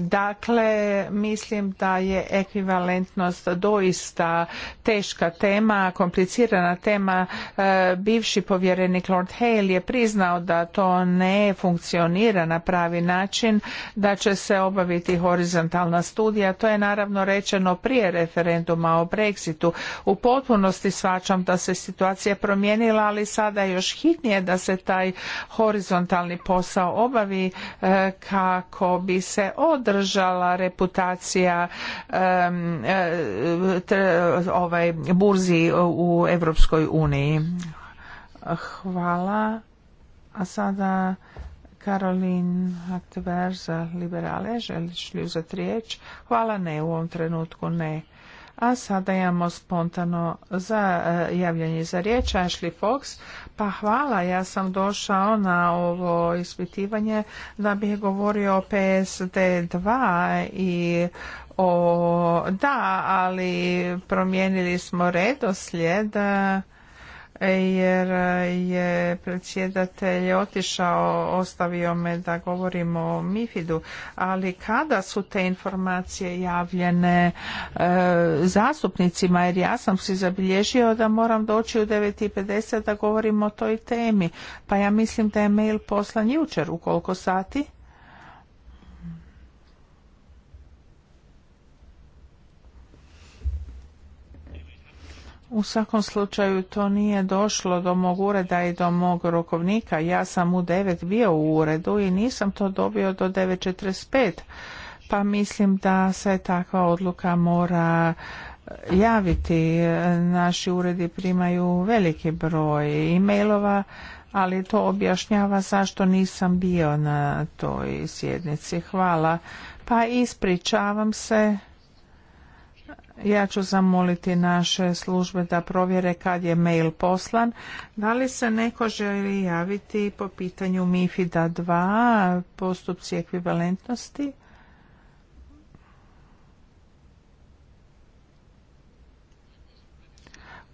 Dakle, mislim da je ekvivalentnost doista teška tema, komplicirana tema. E, bivši povjerenik Lord Hale je priznao da to ne funkcionira na pravi način, da će se obaviti horizontalna studija. To je naravno rečeno prije referenduma o Brexitu. U potpunosti svačam da se situacija promijenila, ali sada je još hitnije da se taj horizontalni posao obavi e, kako bi se od držala reputacija e, ovaj, burzi u Europskoj uniji. Hvala. A sada Karolin Aktever za liberale. Želiš li uzeti riječ? Hvala ne, u ovom trenutku ne. A sada imamo spontano za e, javljanje za riječ. Ashley Fox. Pa hvala, ja sam došao na ovo ispitivanje da bih govorio o PSD2 i o... Da, ali promijenili smo redoslijed jer eh, je predsjedatelj otišao, ostavio me da govorimo o Mifidu, ali kada su te informacije javljene eh, zastupnicima, jer ja sam si zabilježio da moram doći u 9.50 da govorim o toj temi, pa ja mislim da je mail poslan jučer, u koliko sati? U svakom slučaju to nije došlo do mog ureda i do mog rokovnika. Ja sam u 9 bio u uredu i nisam to dobio do 9.45. Pa mislim da se takva odluka mora eh, javiti. Naši uredi primaju veliki broj e-mailova, ali to objašnjava zašto nisam bio na toj sjednici. Hvala. Pa ispričavam se ja ću zamoliti naše službe da provjere kad je mail poslan. Da li se neko želi javiti po pitanju MIFIDA 2, postupci ekvivalentnosti?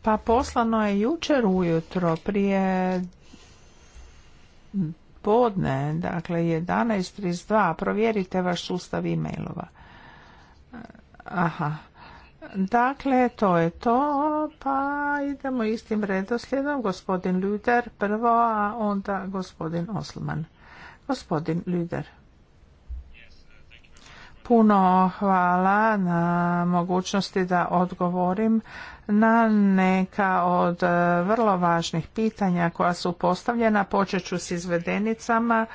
Pa poslano je jučer ujutro prije podne, dakle 11.32. Provjerite vaš sustav e-mailova. Aha. Dakle, to je to, pa idemo istim redoslijedom, gospodin Ljuder prvo, a onda gospodin Oslman. Gospodin Ljuder. Puno hvala na mogućnosti da odgovorim na neka od e, vrlo važnih pitanja koja su postavljena. Počet ću s izvedenicama.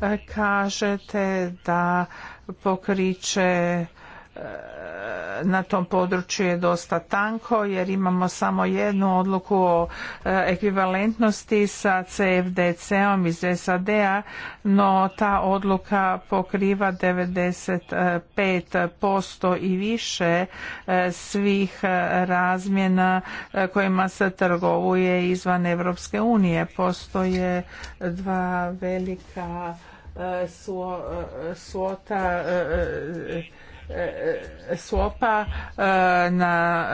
E, kažete da pokriće E, na tom području je dosta tanko jer imamo samo jednu odluku o e, ekvivalentnosti sa CFDC-om iz SAD-a, no ta odluka pokriva 95% i više e, svih razmjena kojima se trgovuje izvan Europske unije. Postoje dva velika suota Slopa na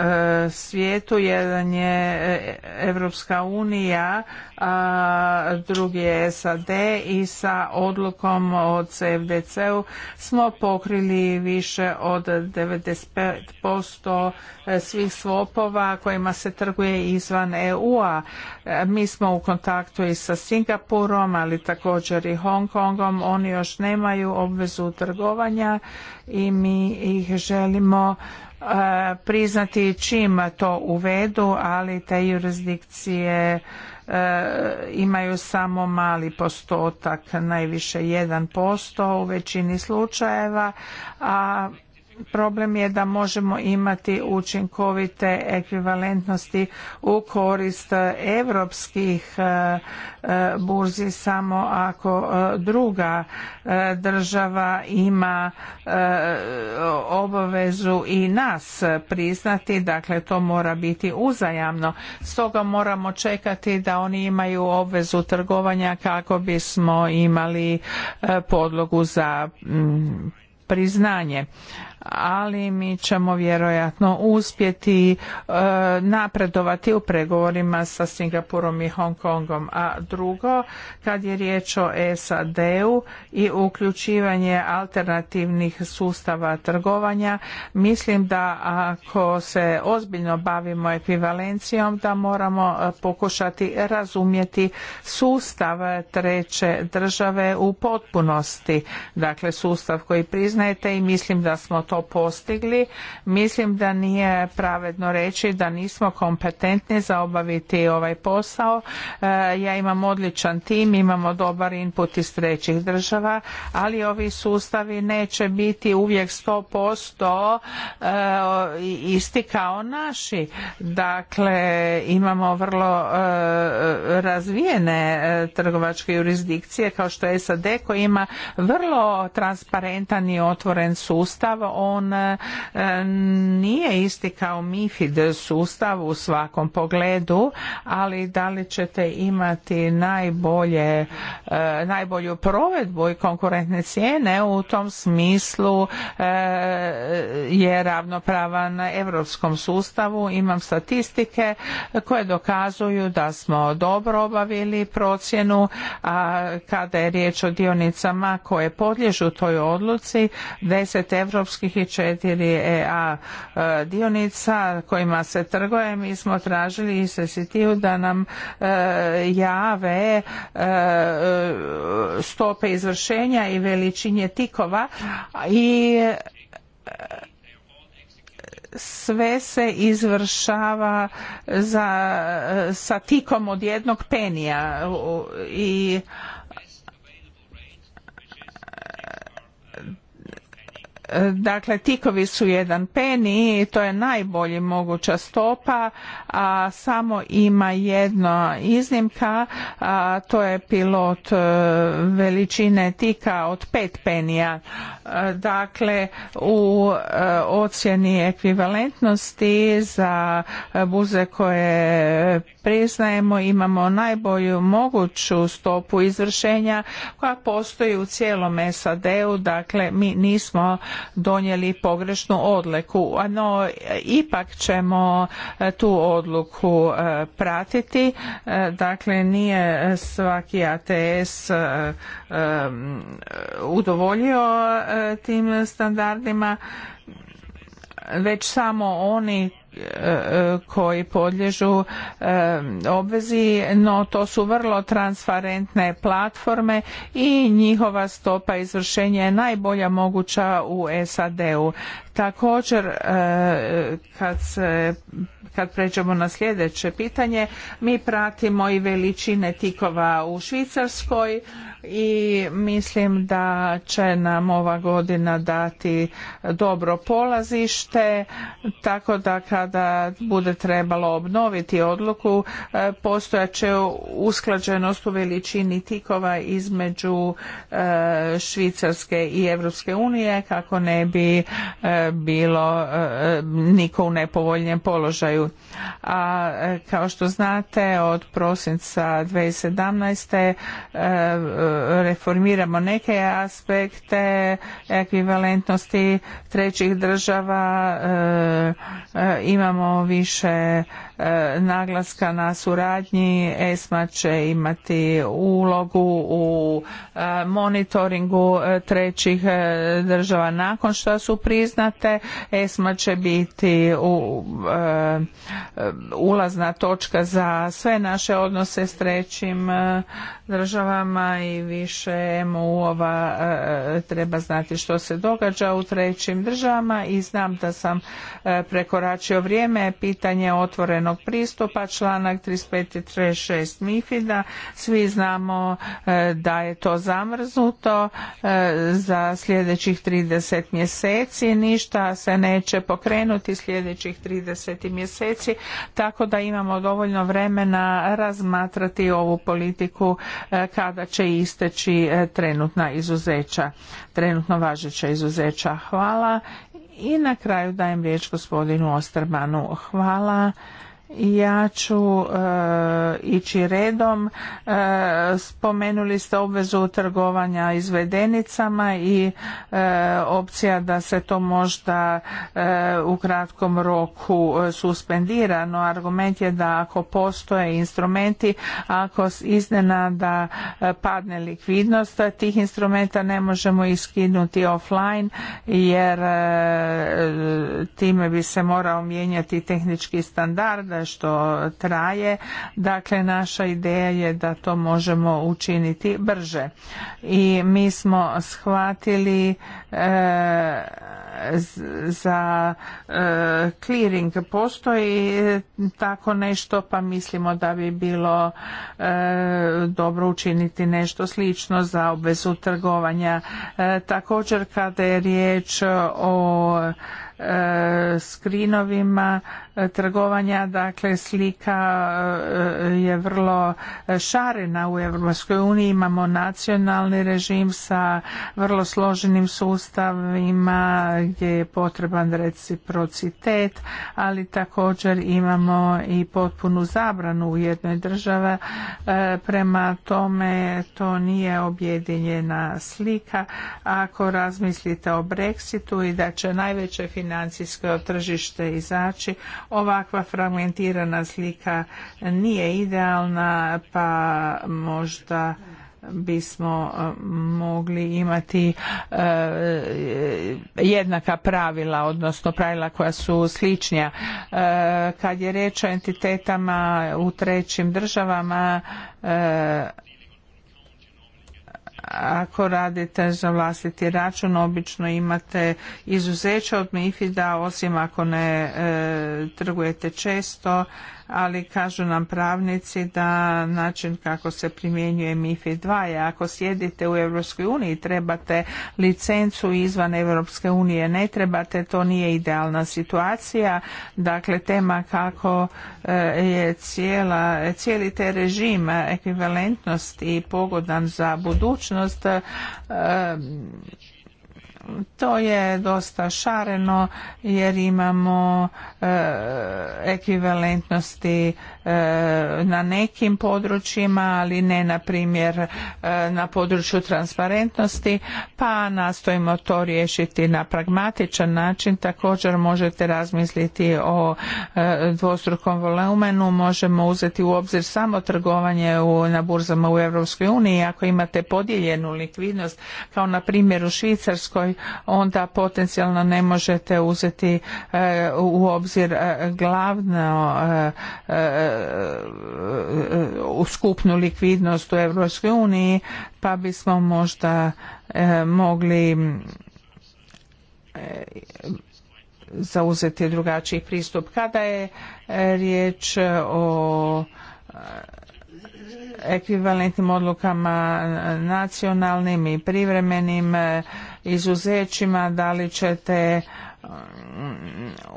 svijetu, jedan je Evropska unija, a drugi je SAD i sa odlukom o CFDC-u smo pokrili više od 95% svih swapova kojima se trguje izvan EU-a. Mi smo u kontaktu i sa Singapurom, ali također i Hong Kongom. Oni još nemaju obvezu trgovanja i mi ih želimo e, priznati čim to uvedu, ali te jurisdikcije e, imaju samo mali postotak, najviše 1% u većini slučajeva, a problem je da možemo imati učinkovite ekvivalentnosti u korist europskih e, e, burzi samo ako e, druga država ima obavezu i nas priznati, dakle to mora biti uzajamno. Stoga moramo čekati da oni imaju obvezu trgovanja kako bismo imali podlogu za priznanje ali mi ćemo vjerojatno uspjeti e, napredovati u pregovorima sa Singapurom i Hong Kongom. A drugo, kad je riječ o SAD-u i uključivanje alternativnih sustava trgovanja, mislim da ako se ozbiljno bavimo ekvivalencijom, da moramo e, pokušati razumjeti sustav treće države u potpunosti. Dakle, sustav koji priznajete i mislim da smo to postigli. Mislim da nije pravedno reći da nismo kompetentni za obaviti ovaj posao. E, ja imam odličan tim, imamo dobar input iz trećih država, ali ovi sustavi neće biti uvijek 100% e, isti kao naši. Dakle, imamo vrlo e, razvijene trgovačke jurisdikcije kao što je SAD koji ima vrlo transparentan i otvoren sustav on e, nije isti kao MIFID sustav u svakom pogledu, ali da li ćete imati najbolje, e, najbolju provedbu i konkurentne cijene u tom smislu e, je ravnopravan europskom sustavu. Imam statistike koje dokazuju da smo dobro obavili procjenu, a kada je riječ o dionicama koje podliježu toj odluci, 10 europskih četiri EA e, dionica kojima se trgoje. Mi smo tražili i sitiju da nam e, jave e, stope izvršenja i veličinje tikova i sve se izvršava za, sa tikom od jednog penija i Dakle, tikovi su jedan peni i to je najbolji moguća stopa, a samo ima jedna iznimka, a to je pilot e, veličine tika od pet penija. E, dakle, u e, ocjeni ekvivalentnosti za buze koje priznajemo imamo najbolju moguću stopu izvršenja koja postoji u cijelom SAD-u, dakle mi nismo donijeli pogrešnu odluku no ipak ćemo e, tu odluku e, pratiti e, dakle nije svaki ats udovoljio tim standardima već samo oni koji podlježu obvezi, no to su vrlo transparentne platforme i njihova stopa izvršenja je najbolja moguća u SAD-u. Također, eh, kad, se, kad pređemo na sljedeće pitanje, mi pratimo i veličine tikova u Švicarskoj, i mislim da će nam ova godina dati dobro polazište tako da kada bude trebalo obnoviti odluku e, postojat će usklađenost u veličini tikova između e, Švicarske i Europske unije kako ne bi e, bilo niko u nepovoljnjem položaju. A kao što znate od prosinca 2017 reformiramo neke aspekte ekvivalentnosti trećih država, e, e, imamo više naglaska na suradnji. ESMA će imati ulogu u e, monitoringu e, trećih e, država nakon što su priznate. ESMA će biti ulazna točka za sve naše odnose s trećim državama i više MU-ova treba znati što se događa u trećim državama i znam da sam prekoračio vrijeme. Pitanje otvoreno pristupa, članak 35 i 36 MIFID-a. Svi znamo e, da je to zamrznuto e, za sljedećih 30 mjeseci. Ništa se neće pokrenuti sljedećih 30 mjeseci, tako da imamo dovoljno vremena razmatrati ovu politiku e, kada će isteći trenutna izuzeća, trenutno važeća izuzeća. Hvala i na kraju dajem riječ gospodinu Ostermanu. Hvala. Ja ću eh, ići redom. Eh, spomenuli ste obvezu trgovanja izvedenicama i eh, opcija da se to možda u kratkom roku suspendira, no argument je da ako postoje instrumenti, ako iznenada padne likvidnost tih instrumenta ne možemo iskinuti offline jer time bi se morao mijenjati tehnički standard što traje. Dakle, naša ideja je da to možemo učiniti brže. I mi smo shvatili e, za e, clearing postoji tako nešto pa mislimo da bi bilo e, dobro učiniti nešto slično za obvezu trgovanja. E, također kada je riječ o skrinovima trgovanja, dakle slika e, je vrlo šarena u Europskoj uniji. Imamo nacionalni režim sa vrlo složenim sustavima gdje je potreban reciprocitet, ali također imamo i potpunu zabranu u jednoj državi. E, prema tome to nije objedinjena slika. Ako razmislite o Brexitu i da će najveće financijsko tržište izaći, Ovakva fragmentirana slika nije idealna pa možda bismo e, mogli imati e, jednaka pravila odnosno pravila koja su sličnija e, kad je riječ o entitetama u trećim državama ako radite za vlastiti račun obično imate izuzeća od Mifida, osim ako ne e, trgujete često ali kažu nam pravnici da način kako se primjenjuje MIFID 2 je ako sjedite u Europskoj uniji trebate licencu izvan Europske unije ne trebate, to nije idealna situacija, dakle tema kako e, je cijela, cijeli te režim ekvivalentnosti i pogodan za budućnost e, to je dosta šareno jer imamo e, ekvivalentnosti e, na nekim područjima ali ne na primjer e, na području transparentnosti pa nastojimo to riješiti na pragmatičan način također možete razmisliti o dvostrukom volumenu možemo uzeti u obzir samo trgovanje u, na burzama u Europskoj uniji ako imate podijeljenu likvidnost kao na primjer u Švicarskoj onda potencijalno ne možete uzeti e, u obzir e, glavno e, u skupnu likvidnost u Europskoj uniji pa bismo možda mogli zauzeti drugačiji pristup. Kada je riječ o ekvivalentnim odlukama nacionalnim i privremenim izuzećima, da li ćete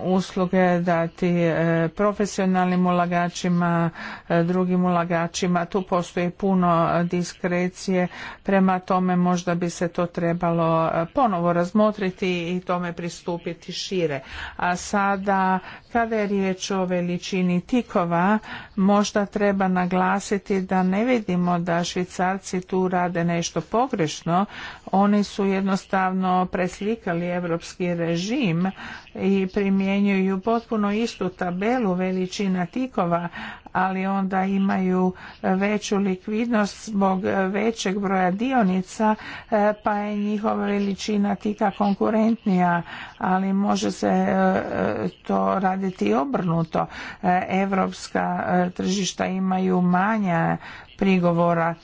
usluge dati e, profesionalnim ulagačima, e, drugim ulagačima. Tu postoji puno diskrecije, prema tome možda bi se to trebalo e, ponovo razmotriti i tome pristupiti šire. A sada, kada je riječ o veličini tikova, možda treba naglasiti da ne vidimo da švicarci tu rade nešto pogrešno. Oni su jednostavno preslikali europski režim i primjenjuju potpuno istu tabelu veličina tikova, ali onda imaju veću likvidnost zbog većeg broja dionica, e, pa je njihova veličina tika konkurentnija, ali može se e, to raditi i obrnuto. E, evropska tržišta imaju manja prigovora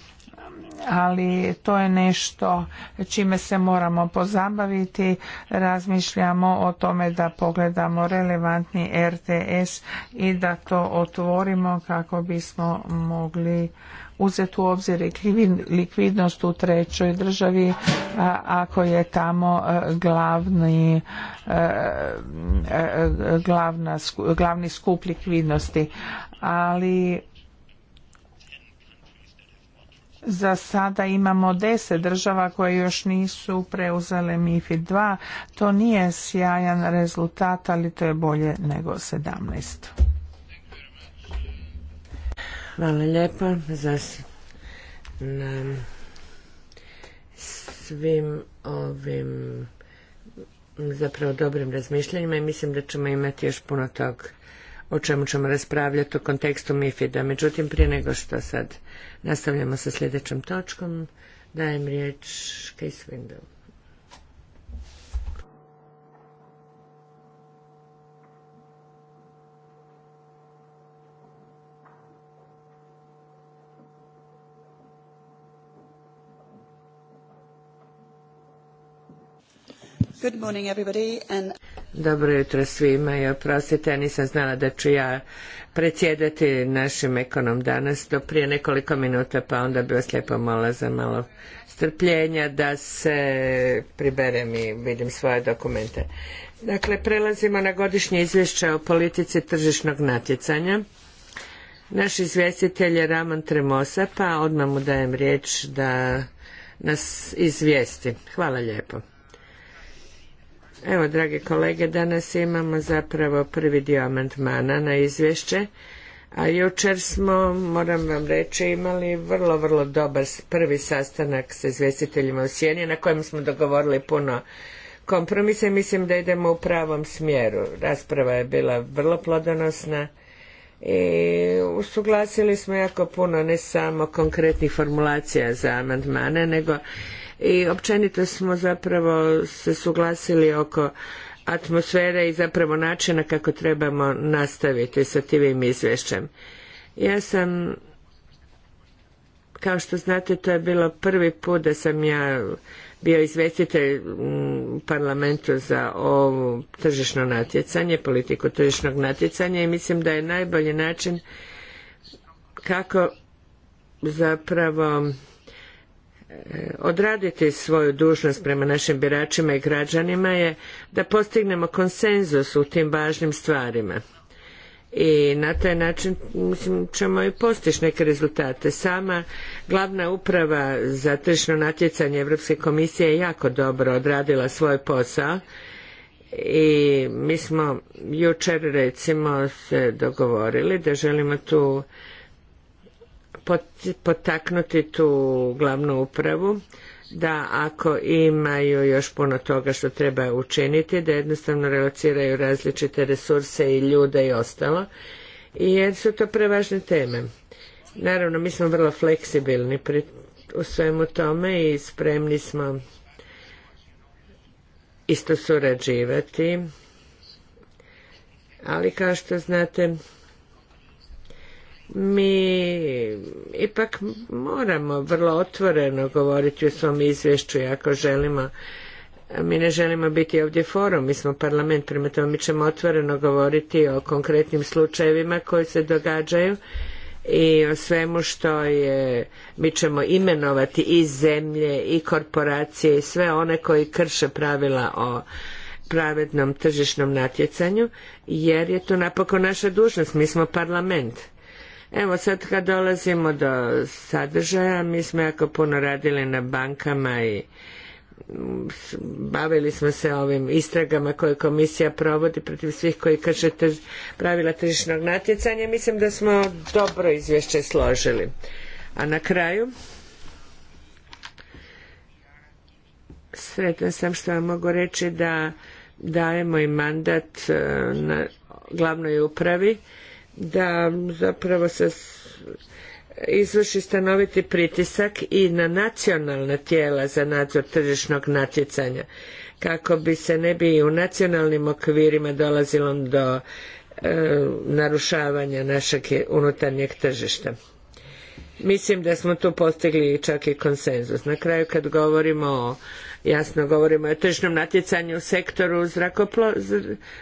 ali to je nešto čime se moramo pozabaviti. Razmišljamo o tome da pogledamo relevantni RTS i da to otvorimo kako bismo mogli uzeti u obzir likvidnost u trećoj državi ako je tamo e, glavni e, e, glavni skup likvidnosti ali za sada imamo deset država koje još nisu preuzele MIFID 2. To nije sjajan rezultat, ali to je bolje nego 17. Hvala lijepa za svim ovim zapravo dobrim razmišljanjima i mislim da ćemo imati još puno tog o čemu ćemo raspravljati u kontekstu MIFID-a. Međutim, prije nego što sad nastavljamo sa sljedećom točkom, dajem riječ Case Window. Good morning Dobro jutro svima i oprostite, ja nisam znala da ću ja predsjedati našim ekonom danas do prije nekoliko minuta, pa onda bi vas lijepo mola za malo strpljenja da se priberem i vidim svoje dokumente. Dakle, prelazimo na godišnje izvješće o politici tržišnog natjecanja. Naš izvjestitelj je Ramon Tremosa, pa odmah mu dajem riječ da nas izvijesti. Hvala lijepo. Evo, drage kolege, danas imamo zapravo prvi dio amandmana na izvješće, a jučer smo, moram vam reći, imali vrlo, vrlo dobar prvi sastanak sa izvjestiteljima u na kojem smo dogovorili puno kompromisa i mislim da idemo u pravom smjeru. Rasprava je bila vrlo plodonosna i usuglasili smo jako puno ne samo konkretnih formulacija za amandmane nego i općenito smo zapravo se suglasili oko atmosfere i zapravo načina kako trebamo nastaviti sa tim izvješćem. Ja sam, kao što znate, to je bilo prvi put da sam ja bio izvjestitelj u parlamentu za ovo tržišno natjecanje, politiku tržišnog natjecanja i mislim da je najbolji način kako zapravo odraditi svoju dužnost prema našim biračima i građanima je da postignemo konsenzus u tim važnim stvarima i na taj način mislim, ćemo i postići neke rezultate. Sama glavna uprava za tržišno natjecanje Europske komisije je jako dobro odradila svoj posao i mi smo jučer recimo se dogovorili da želimo tu potaknuti tu glavnu upravu da ako imaju još puno toga što treba učiniti, da jednostavno relociraju različite resurse i ljude i ostalo, jer su to prevažne teme. Naravno, mi smo vrlo fleksibilni u svemu tome i spremni smo isto surađivati, ali kao što znate, mi ipak moramo vrlo otvoreno govoriti u svom izvješću i ako želimo mi ne želimo biti ovdje forum, mi smo parlament, prema tome mi ćemo otvoreno govoriti o konkretnim slučajevima koji se događaju i o svemu što je, mi ćemo imenovati i zemlje i korporacije i sve one koji krše pravila o pravednom tržišnom natjecanju jer je to napokon naša dužnost, mi smo parlament Evo sad kad dolazimo do sadržaja, mi smo jako puno radili na bankama i bavili smo se ovim istragama koje komisija provodi protiv svih koji krše pravila tržišnog natjecanja. Mislim da smo dobro izvješće složili. A na kraju sretna sam što vam mogu reći da dajemo i mandat e, na glavnoj upravi da zapravo se izvrši stanoviti pritisak i na nacionalna tijela za nadzor tržišnog natjecanja kako bi se ne bi u nacionalnim okvirima dolazilo do e, narušavanja našeg unutarnjeg tržišta mislim da smo tu postigli čak i konsenzus. Na kraju kad govorimo o jasno govorimo o težnom natjecanju u sektoru zrakoplo,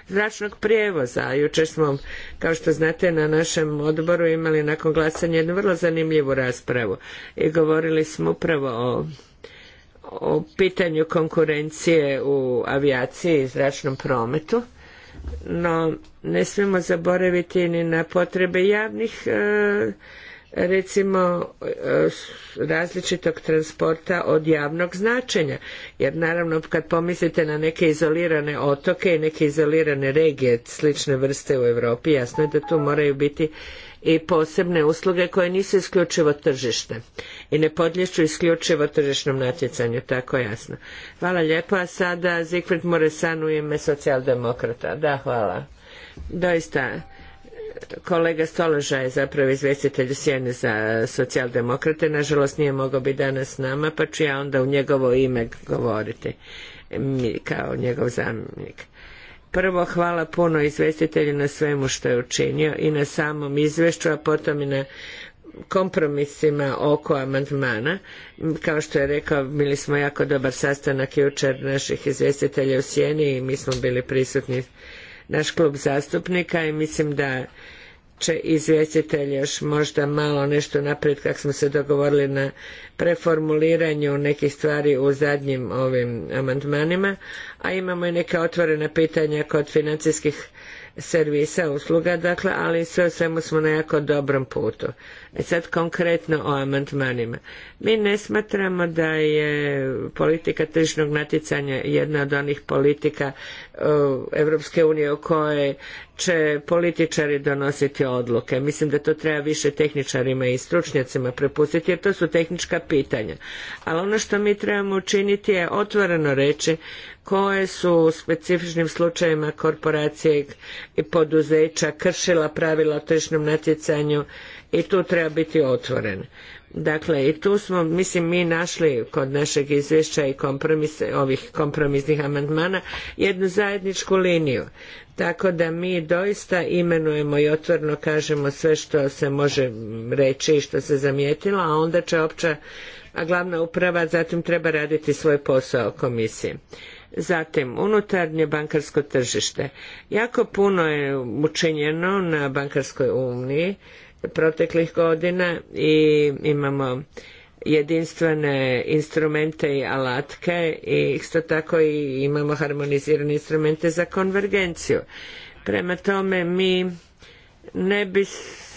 zračnog prijevoza. Jučer smo, kao što znate, na našem odboru imali nakon glasanja jednu vrlo zanimljivu raspravu i govorili smo upravo o pitanju konkurencije u avijaciji i zračnom prometu, no ne smijemo zaboraviti ni na potrebe javnih e, recimo e, različitog transporta od javnog značenja jer naravno kad pomislite na neke izolirane otoke i neke izolirane regije slične vrste u Europi jasno je da tu moraju biti i posebne usluge koje nisu isključivo tržište. i ne podliježu isključivo tržišnom natjecanju, tako jasno. Hvala lijepo, a sada Zikfrid Moresan u ime socijaldemokrata. Da, hvala. Doista, kolega Stoloža je zapravo izvjestitelj sjene za socijaldemokrate, nažalost nije mogao biti danas s nama, pa ću ja onda u njegovo ime govoriti kao njegov zamjenik. Prvo hvala puno izvjestitelju na svemu što je učinio i na samom izvješću, a potom i na kompromisima oko amandmana. Kao što je rekao, bili smo jako dobar sastanak jučer naših izvjestitelja u Sjeni i mi smo bili prisutni naš klub zastupnika i mislim da će izvjestitelj još možda malo nešto naprijed kako smo se dogovorili na preformuliranju nekih stvari u zadnjim ovim amandmanima, a imamo i neka otvorena pitanja kod financijskih servisa, usluga, dakle, ali sve u svemu smo na jako dobrom putu. E sad konkretno o amandmanima. Mi ne smatramo da je politika tržišnog natjecanja jedna od onih politika e, Evropske unije o kojoj će političari donositi odluke. Mislim da to treba više tehničarima i stručnjacima prepustiti jer to su tehnička pitanja. Ali ono što mi trebamo učiniti je otvoreno reći koje su u specifičnim slučajevima korporacije i poduzeća kršila pravila o tržišnom natjecanju i tu treba biti otvoren. Dakle, i tu smo, mislim, mi našli kod našeg izvješća i kompromise, ovih kompromisnih amandmana jednu zajedničku liniju. Tako da mi doista imenujemo i otvorno kažemo sve što se može reći i što se zamijetilo, a onda će opća a glavna uprava zatim treba raditi svoj posao komisiji Zatim, unutarnje bankarsko tržište. Jako puno je učinjeno na bankarskoj uniji proteklih godina i imamo jedinstvene instrumente i alatke i isto tako imamo harmonizirane instrumente za konvergenciju. Prema tome mi ne bi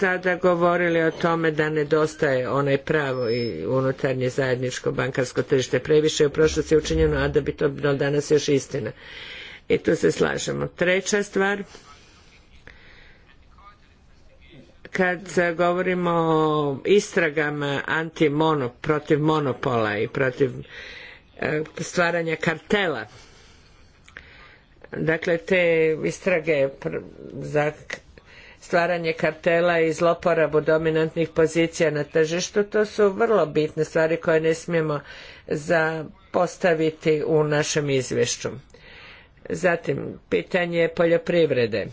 sada govorili o tome da nedostaje onaj pravo i unutarnje zajedničko bankarsko tržište. Previše je u prošlosti učinjeno, a da bi to bilo danas još istina. I tu se slažemo. Treća stvar, kad e, govorimo o istragama protiv monopola i protiv e, stvaranja kartela dakle te istrage za stvaranje kartela i zloporabu dominantnih pozicija na tržištu to su vrlo bitne stvari koje ne smijemo zapostaviti u našem izvješću zatim pitanje poljoprivrede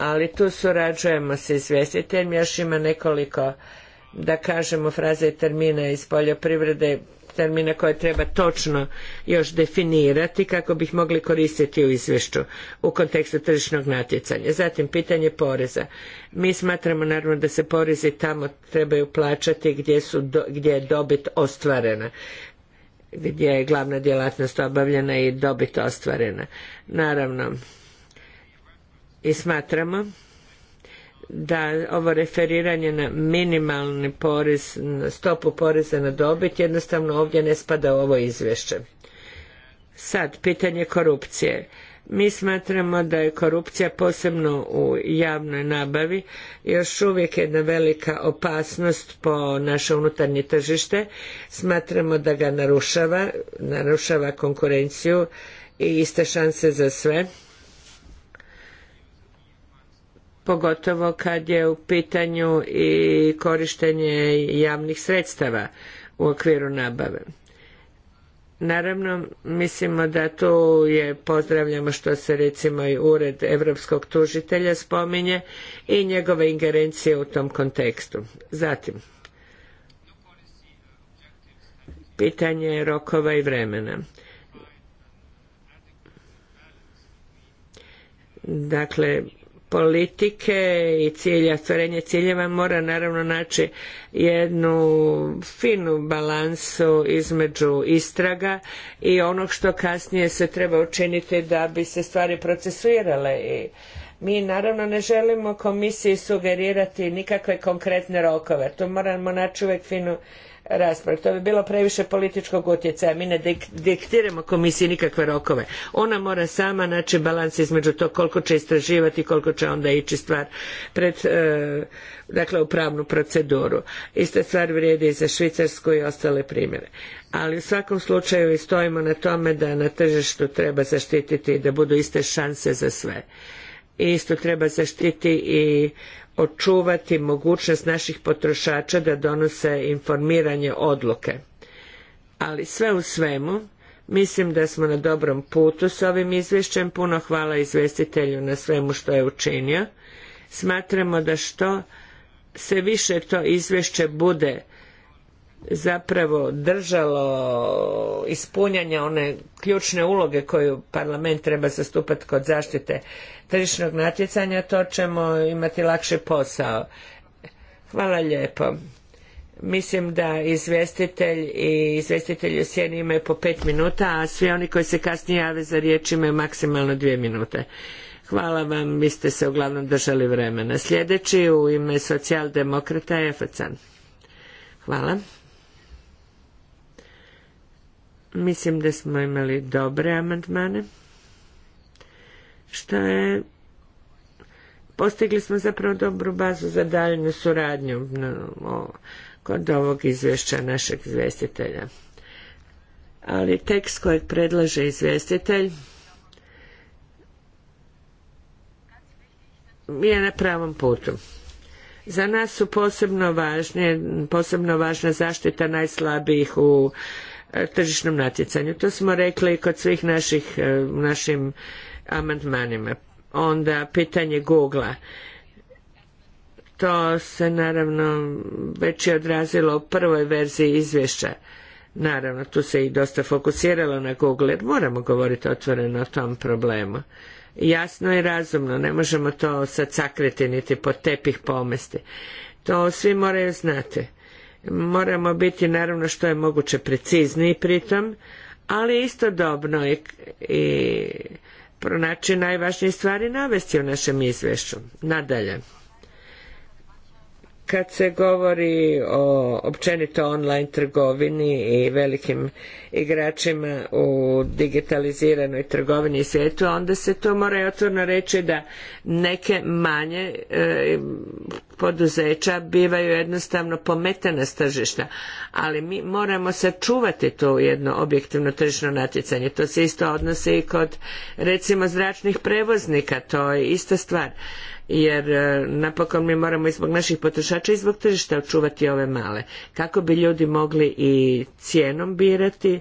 ali tu surađujemo sa izvjestiteljima. Još ima nekoliko, da kažemo, fraze i termina iz poljoprivrede, termina koje treba točno još definirati kako bih mogli koristiti u izvješću u kontekstu tržišnog natjecanja. Zatim, pitanje poreza. Mi smatramo naravno da se porezi tamo trebaju plaćati gdje, gdje je dobit ostvarena gdje je glavna djelatnost obavljena i dobit ostvarena. Naravno, i smatramo da ovo referiranje na minimalni porez, na stopu poreza na dobit jednostavno ovdje ne spada u ovo izvješće. Sad, pitanje korupcije. Mi smatramo da je korupcija posebno u javnoj nabavi još uvijek jedna velika opasnost po naše unutarnje tržište. Smatramo da ga narušava, narušava konkurenciju i iste šanse za sve pogotovo kad je u pitanju i korištenje javnih sredstava u okviru nabave. Naravno, mislimo da tu je, pozdravljamo što se recimo i ured europskog tužitelja spominje i njegove ingerencije u tom kontekstu. Zatim, pitanje rokova i vremena. Dakle, politike i cilja, otvorenje ciljeva mora naravno naći jednu finu balansu između istraga i onog što kasnije se treba učiniti da bi se stvari procesuirale i mi naravno ne želimo komisiji sugerirati nikakve konkretne rokove, tu moramo naći uvijek finu rasprave. To bi bilo previše političkog utjecaja. Mi ne diktiramo komisiji nikakve rokove. Ona mora sama naći balans između tog koliko će istraživati, koliko će onda ići stvar pred, e, dakle u pravnu proceduru. Ista stvar vrijedi i za Švicarsku i ostale primjere. Ali u svakom slučaju i stojimo na tome da na tržištu treba zaštititi da budu iste šanse za sve. isto treba zaštiti i očuvati mogućnost naših potrošača da donose informiranje odluke. Ali sve u svemu, mislim da smo na dobrom putu s ovim izvješćem. Puno hvala izvjestitelju na svemu što je učinio. Smatramo da što se više to izvješće bude zapravo držalo ispunjanja one ključne uloge koju parlament treba zastupati kod zaštite tržišnog natjecanja, to ćemo imati lakši posao. Hvala lijepo. Mislim da izvjestitelj i izvjestitelj u sjeni imaju po pet minuta, a svi oni koji se kasnije jave za riječ imaju maksimalno dvije minute. Hvala vam, vi ste se uglavnom držali vremena. Sljedeći u ime socijaldemokrata je Focan. Hvala. Mislim da smo imali dobre amandmane, što je postigli smo zapravo dobru bazu za daljnju suradnju kod ovog izvješća našeg izvjestitelja. Ali tekst kojeg predlaže izvjestitelj je na pravom putu. Za nas su posebno važne, posebno važna zaštita najslabijih u E, tržišnom natjecanju. To smo rekli i kod svih naših, e, našim amandmanima. Onda pitanje Google-a. To se naravno već je odrazilo u prvoj verziji izvješća. Naravno, tu se i dosta fokusiralo na Google, jer moramo govoriti otvoreno o tom problemu. Jasno i razumno, ne možemo to sad sakriti niti pod tepih pomesti. To svi moraju znati moramo biti naravno što je moguće precizniji pritom, ali istodobno i, i pronaći najvažnije stvari navesti u našem izvješću. Nadalje kad se govori o općenito online trgovini i velikim igračima u digitaliziranoj trgovini i svijetu, onda se to mora i otvorno reći da neke manje e, poduzeća bivaju jednostavno pometene s tržišta, ali mi moramo sačuvati to jedno objektivno tržišno natjecanje. To se isto odnosi i kod recimo zračnih prevoznika, to je ista stvar jer e, napokon mi moramo i zbog naših potrošača i zbog tržišta očuvati ove male kako bi ljudi mogli i cijenom birati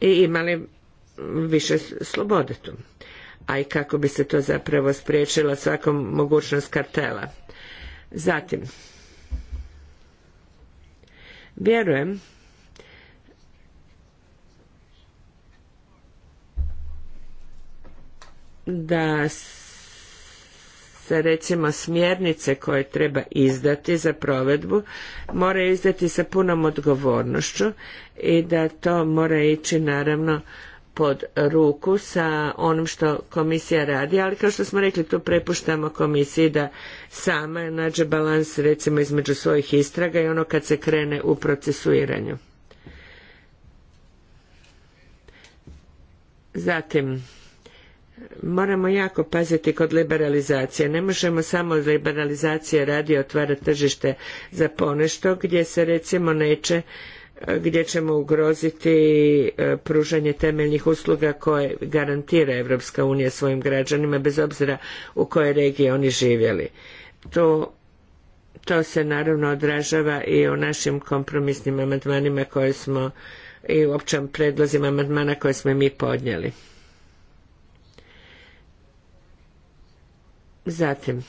i imali više slobode tu a i kako bi se to zapravo spriječila svakom mogućnost kartela zatim vjerujem da recimo smjernice koje treba izdati za provedbu moraju izdati sa punom odgovornošću i da to mora ići naravno pod ruku sa onim što komisija radi, ali kao što smo rekli tu prepuštamo komisiji da sama nađe balans recimo između svojih istraga i ono kad se krene u procesuiranju. Zatim, moramo jako paziti kod liberalizacije. Ne možemo samo liberalizacije radi otvarati tržište za ponešto gdje se recimo neće gdje ćemo ugroziti e, pružanje temeljnih usluga koje garantira Europska unija svojim građanima bez obzira u kojoj regiji oni živjeli. To, to se naravno odražava i u našim kompromisnim amandmanima koje smo i u općem predlozima amandmana koje smo mi podnijeli. Zatim,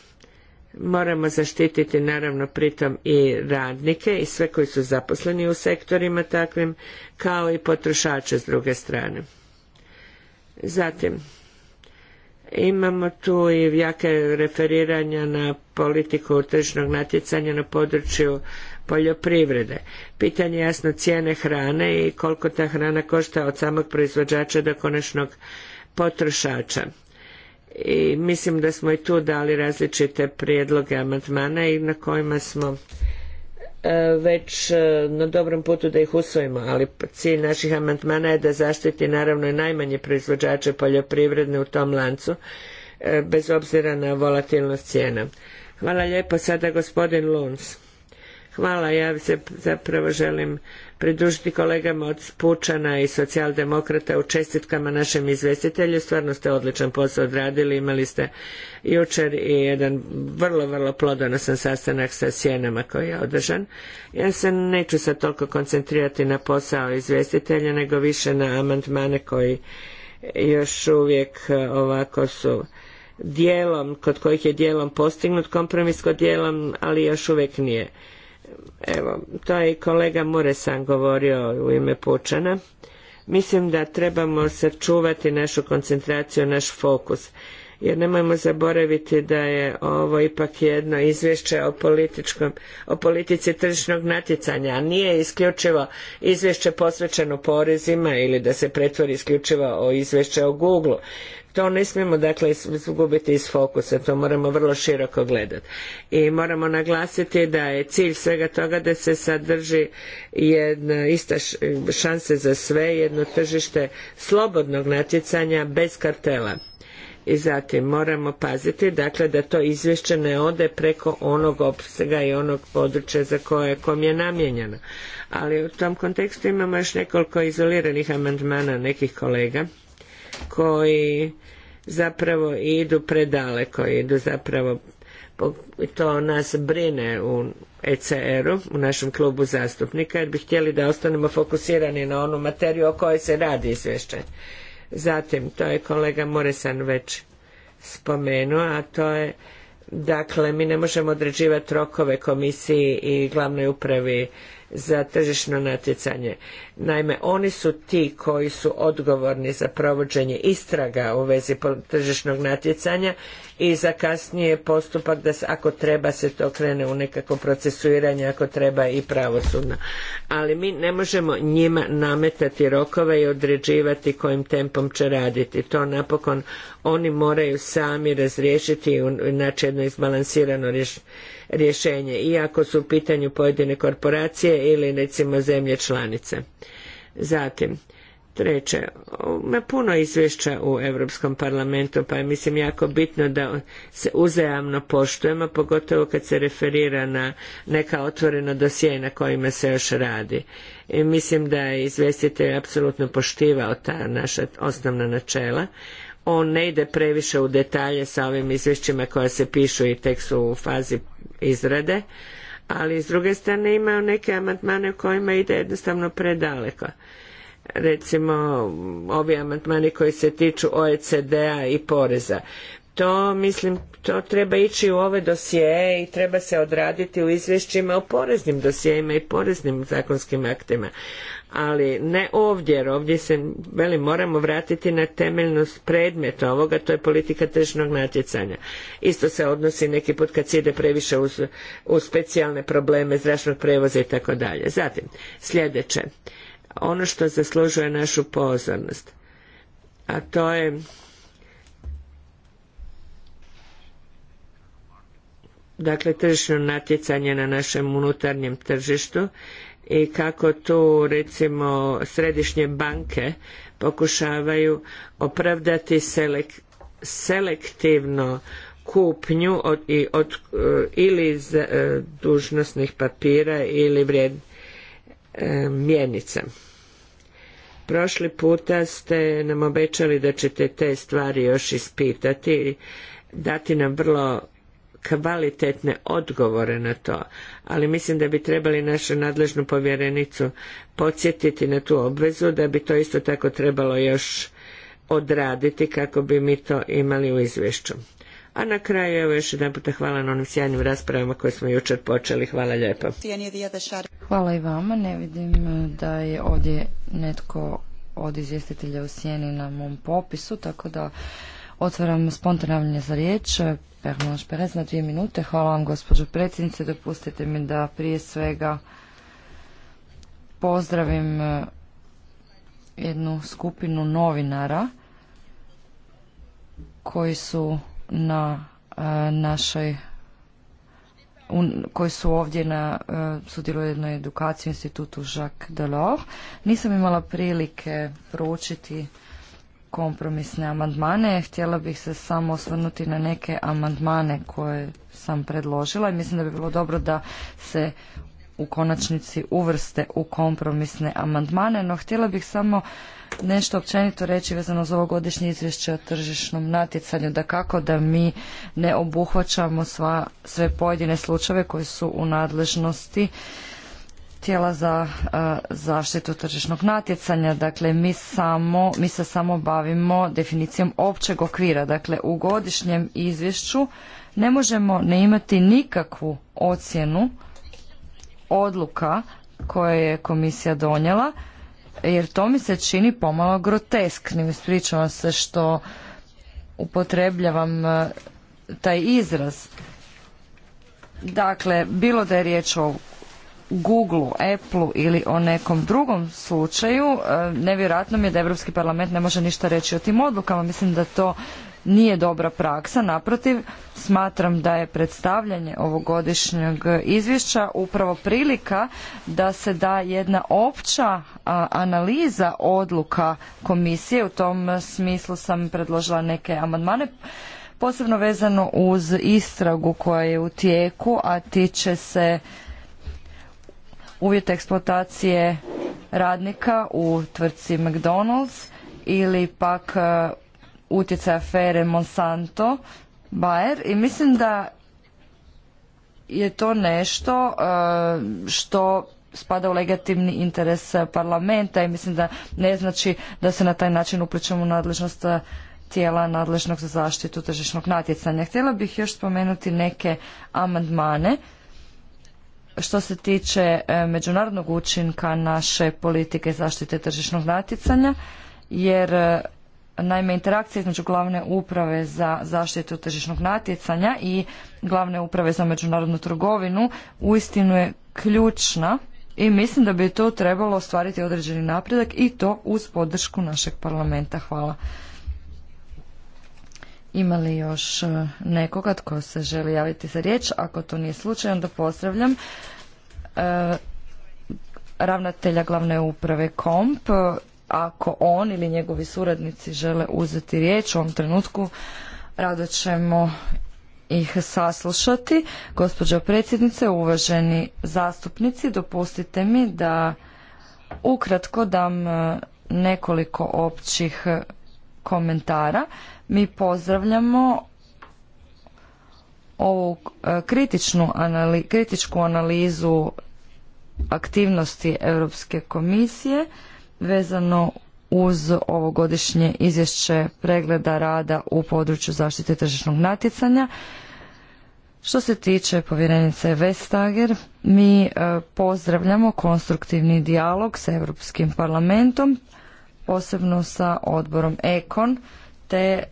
moramo zaštititi naravno pritom i radnike i sve koji su zaposleni u sektorima takvim, kao i potrošače s druge strane. Zatim, imamo tu i jake referiranja na politiku tržišnog natjecanja na području poljoprivrede. Pitanje jasno cijene hrane i koliko ta hrana košta od samog proizvođača do konačnog potrošača i mislim da smo i tu dali različite prijedloge amandmana i na kojima smo e, već e, na dobrom putu da ih usvojimo, ali cilj naših amandmana je da zaštiti naravno i najmanje proizvođače poljoprivredne u tom lancu, e, bez obzira na volatilnost cijena. Hvala lijepo sada gospodin Luns. Hvala, ja zapravo želim pridružiti kolegama od Pučana i socijaldemokrata u čestitkama našem izvjestitelju. Stvarno ste odličan posao odradili, imali ste jučer i jedan vrlo, vrlo plodonosan sastanak sa sjenama koji je održan. Ja se neću sad toliko koncentrirati na posao izvjestitelja, nego više na amandmane koji još uvijek e, ovako su dijelom, kod kojih je dijelom postignut kompromis, kod dijelom, ali još uvijek nije evo, to je i kolega Muresan govorio u ime Pučana. Mislim da trebamo sačuvati našu koncentraciju, naš fokus jer nemojmo zaboraviti da je ovo ipak jedno izvješće o, političkom, o politici tržišnog natjecanja, a nije isključivo izvješće posvećeno porezima ili da se pretvori isključivo o izvješće o Google. To ne smijemo dakle izgubiti iz fokusa, to moramo vrlo široko gledati. I moramo naglasiti da je cilj svega toga da se sadrži jedna ista šanse za sve, jedno tržište slobodnog natjecanja bez kartela i zatim moramo paziti dakle da to izvješće ne ode preko onog opsega i onog područja za koje kom je namijenjeno. Ali u tom kontekstu imamo još nekoliko izoliranih amandmana nekih kolega koji zapravo idu predaleko, idu zapravo to nas brine u ECR-u, u našem klubu zastupnika, jer bi htjeli da ostanemo fokusirani na onu materiju o kojoj se radi izvješće. Zatim, to je kolega Moresan već spomenuo, a to je Dakle, mi ne možemo određivati rokove komisiji i glavnoj upravi za tržišno natjecanje. Naime, oni su ti koji su odgovorni za provođenje istraga u vezi tržišnog natjecanja i za kasnije postupak da se, ako treba se to krene u nekako procesuiranje, ako treba i pravosudno. Ali mi ne možemo njima nametati rokove i određivati kojim tempom će raditi. To napokon oni moraju sami razriješiti i naći jedno izbalansirano rješenje, iako su u pitanju pojedine korporacije ili recimo zemlje članice. Zatim, treće, ima puno izvješća u Europskom parlamentu, pa je mislim jako bitno da se uzajamno poštujemo, pogotovo kad se referira na neka otvorena dosije na kojima se još radi. I mislim da je izvjestitelj apsolutno poštivao ta naša osnovna načela. On ne ide previše u detalje sa ovim izvješćima koja se pišu i tek su u fazi izrade, ali s druge strane imaju neke amandmane u kojima ide jednostavno predaleko. Recimo, ovi amandmani koji se tiču OECD-a i poreza to mislim to treba ići u ove dosjee i treba se odraditi u izvješćima o poreznim dosjeima i poreznim zakonskim aktima ali ne ovdje jer ovdje se veli moramo vratiti na temeljnost predmeta ovoga to je politika tržišnog natjecanja isto se odnosi neki put kad se ide previše u specijalne probleme zračnog prevoza i tako dalje zatim sljedeće ono što zaslužuje našu pozornost a to je dakle tržišno natjecanje na našem unutarnjem tržištu i kako tu recimo središnje banke pokušavaju opravdati selektivno kupnju od, i od, e, ili iz e, dužnosnih papira ili vrijed e, mjenica. Prošli puta ste nam obećali da ćete te stvari još ispitati, dati nam vrlo kvalitetne odgovore na to, ali mislim da bi trebali našu nadležnu povjerenicu podsjetiti na tu obvezu, da bi to isto tako trebalo još odraditi kako bi mi to imali u izvješću. A na kraju, evo još jedan puta hvala na onim sjajnim raspravama koje smo jučer počeli. Hvala lijepo. Hvala i vama. Ne vidim e, da je ovdje netko od izvjestitelja u sjeni na mom popisu, tako da Otvaram spontanavljanje za riječ. Perman Šperez na dvije minute. Hvala vam gospođo predsjednice. Dopustite mi da prije svega pozdravim e, jednu skupinu novinara koji su na e, našoj koji su ovdje na e, sudjeluju jednoj edukaciji u institutu Jacques Delors. Nisam imala prilike proučiti kompromisne amandmane. Htjela bih se samo osvrnuti na neke amandmane koje sam predložila i mislim da bi bilo dobro da se u konačnici uvrste u kompromisne amandmane, no htjela bih samo nešto općenito reći vezano za godišnje izvješće o tržišnom natjecanju, da kako da mi ne obuhvaćamo sva, sve pojedine slučajeve koji su u nadležnosti tijela za e, zaštitu tržišnog natjecanja. Dakle, mi, samo, mi se samo bavimo definicijom općeg okvira. Dakle, u godišnjem izvješću ne možemo ne imati nikakvu ocjenu odluka koje je komisija donijela, jer to mi se čini pomalo grotesknim. Ispričavam se što upotrebljavam e, taj izraz. Dakle, bilo da je riječ o Googleu, Appleu ili o nekom drugom slučaju, e, nevjerojatno mi je da Europski parlament ne može ništa reći o tim odlukama. Mislim da to nije dobra praksa, naprotiv, smatram da je predstavljanje ovogodišnjeg izvješća upravo prilika da se da jedna opća analiza odluka komisije. U tom smislu sam predložila neke amandmane posebno vezano uz istragu koja je u tijeku, a tiče se uvjete eksploatacije radnika u tvrtci McDonald's ili pak e, utjecaj afere Monsanto Bayer i mislim da je to nešto e, što spada u legitimni interes parlamenta i mislim da ne znači da se na taj način upličemo u nadležnost e, tijela nadležnog za zaštitu tržišnog natjecanja. Htjela bih još spomenuti neke amandmane što se tiče e, međunarodnog učinka naše politike zaštite tržišnog natjecanja, jer e, naime interakcija između glavne uprave za zaštitu tržišnog natjecanja i glavne uprave za međunarodnu trgovinu uistinu je ključna i mislim da bi to trebalo ostvariti određeni napredak i to uz podršku našeg parlamenta. Hvala. Ima li još e, nekoga tko se želi javiti za riječ? Ako to nije slučaj, onda pozdravljam e, ravnatelja glavne uprave KOMP. Ako on ili njegovi suradnici žele uzeti riječ u ovom trenutku, rado ćemo ih saslušati. Gospođo predsjednice, uvaženi zastupnici, dopustite mi da ukratko dam e, nekoliko općih komentara mi pozdravljamo ovu e, kritičnu kritičku analizu aktivnosti Europske komisije vezano uz ovogodišnje izvješće pregleda rada u području zaštite tržišnog natjecanja. Što se tiče povjerenice Vestager, mi e, pozdravljamo konstruktivni dijalog sa Europskim parlamentom, posebno sa odborom Ekon, te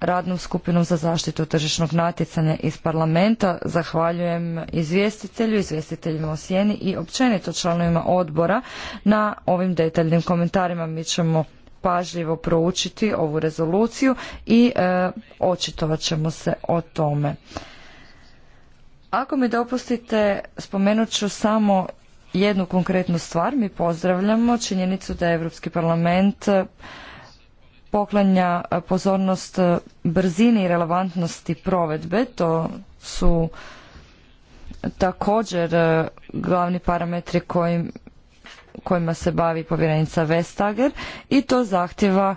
radnom skupinom za zaštitu tržišnog natjecanja iz parlamenta. Zahvaljujem izvjestitelju, izvjestiteljima o sjeni i općenito članovima odbora na ovim detaljnim komentarima. Mi ćemo pažljivo proučiti ovu rezoluciju i e, očitovat ćemo se o tome. Ako mi dopustite, spomenut ću samo jednu konkretnu stvar. Mi pozdravljamo činjenicu da je Europski parlament poklanja e, pozornost e, brzini i relevantnosti provedbe. To su također e, glavni parametri kojim, kojima se bavi povjerenica Vestager i to zahtjeva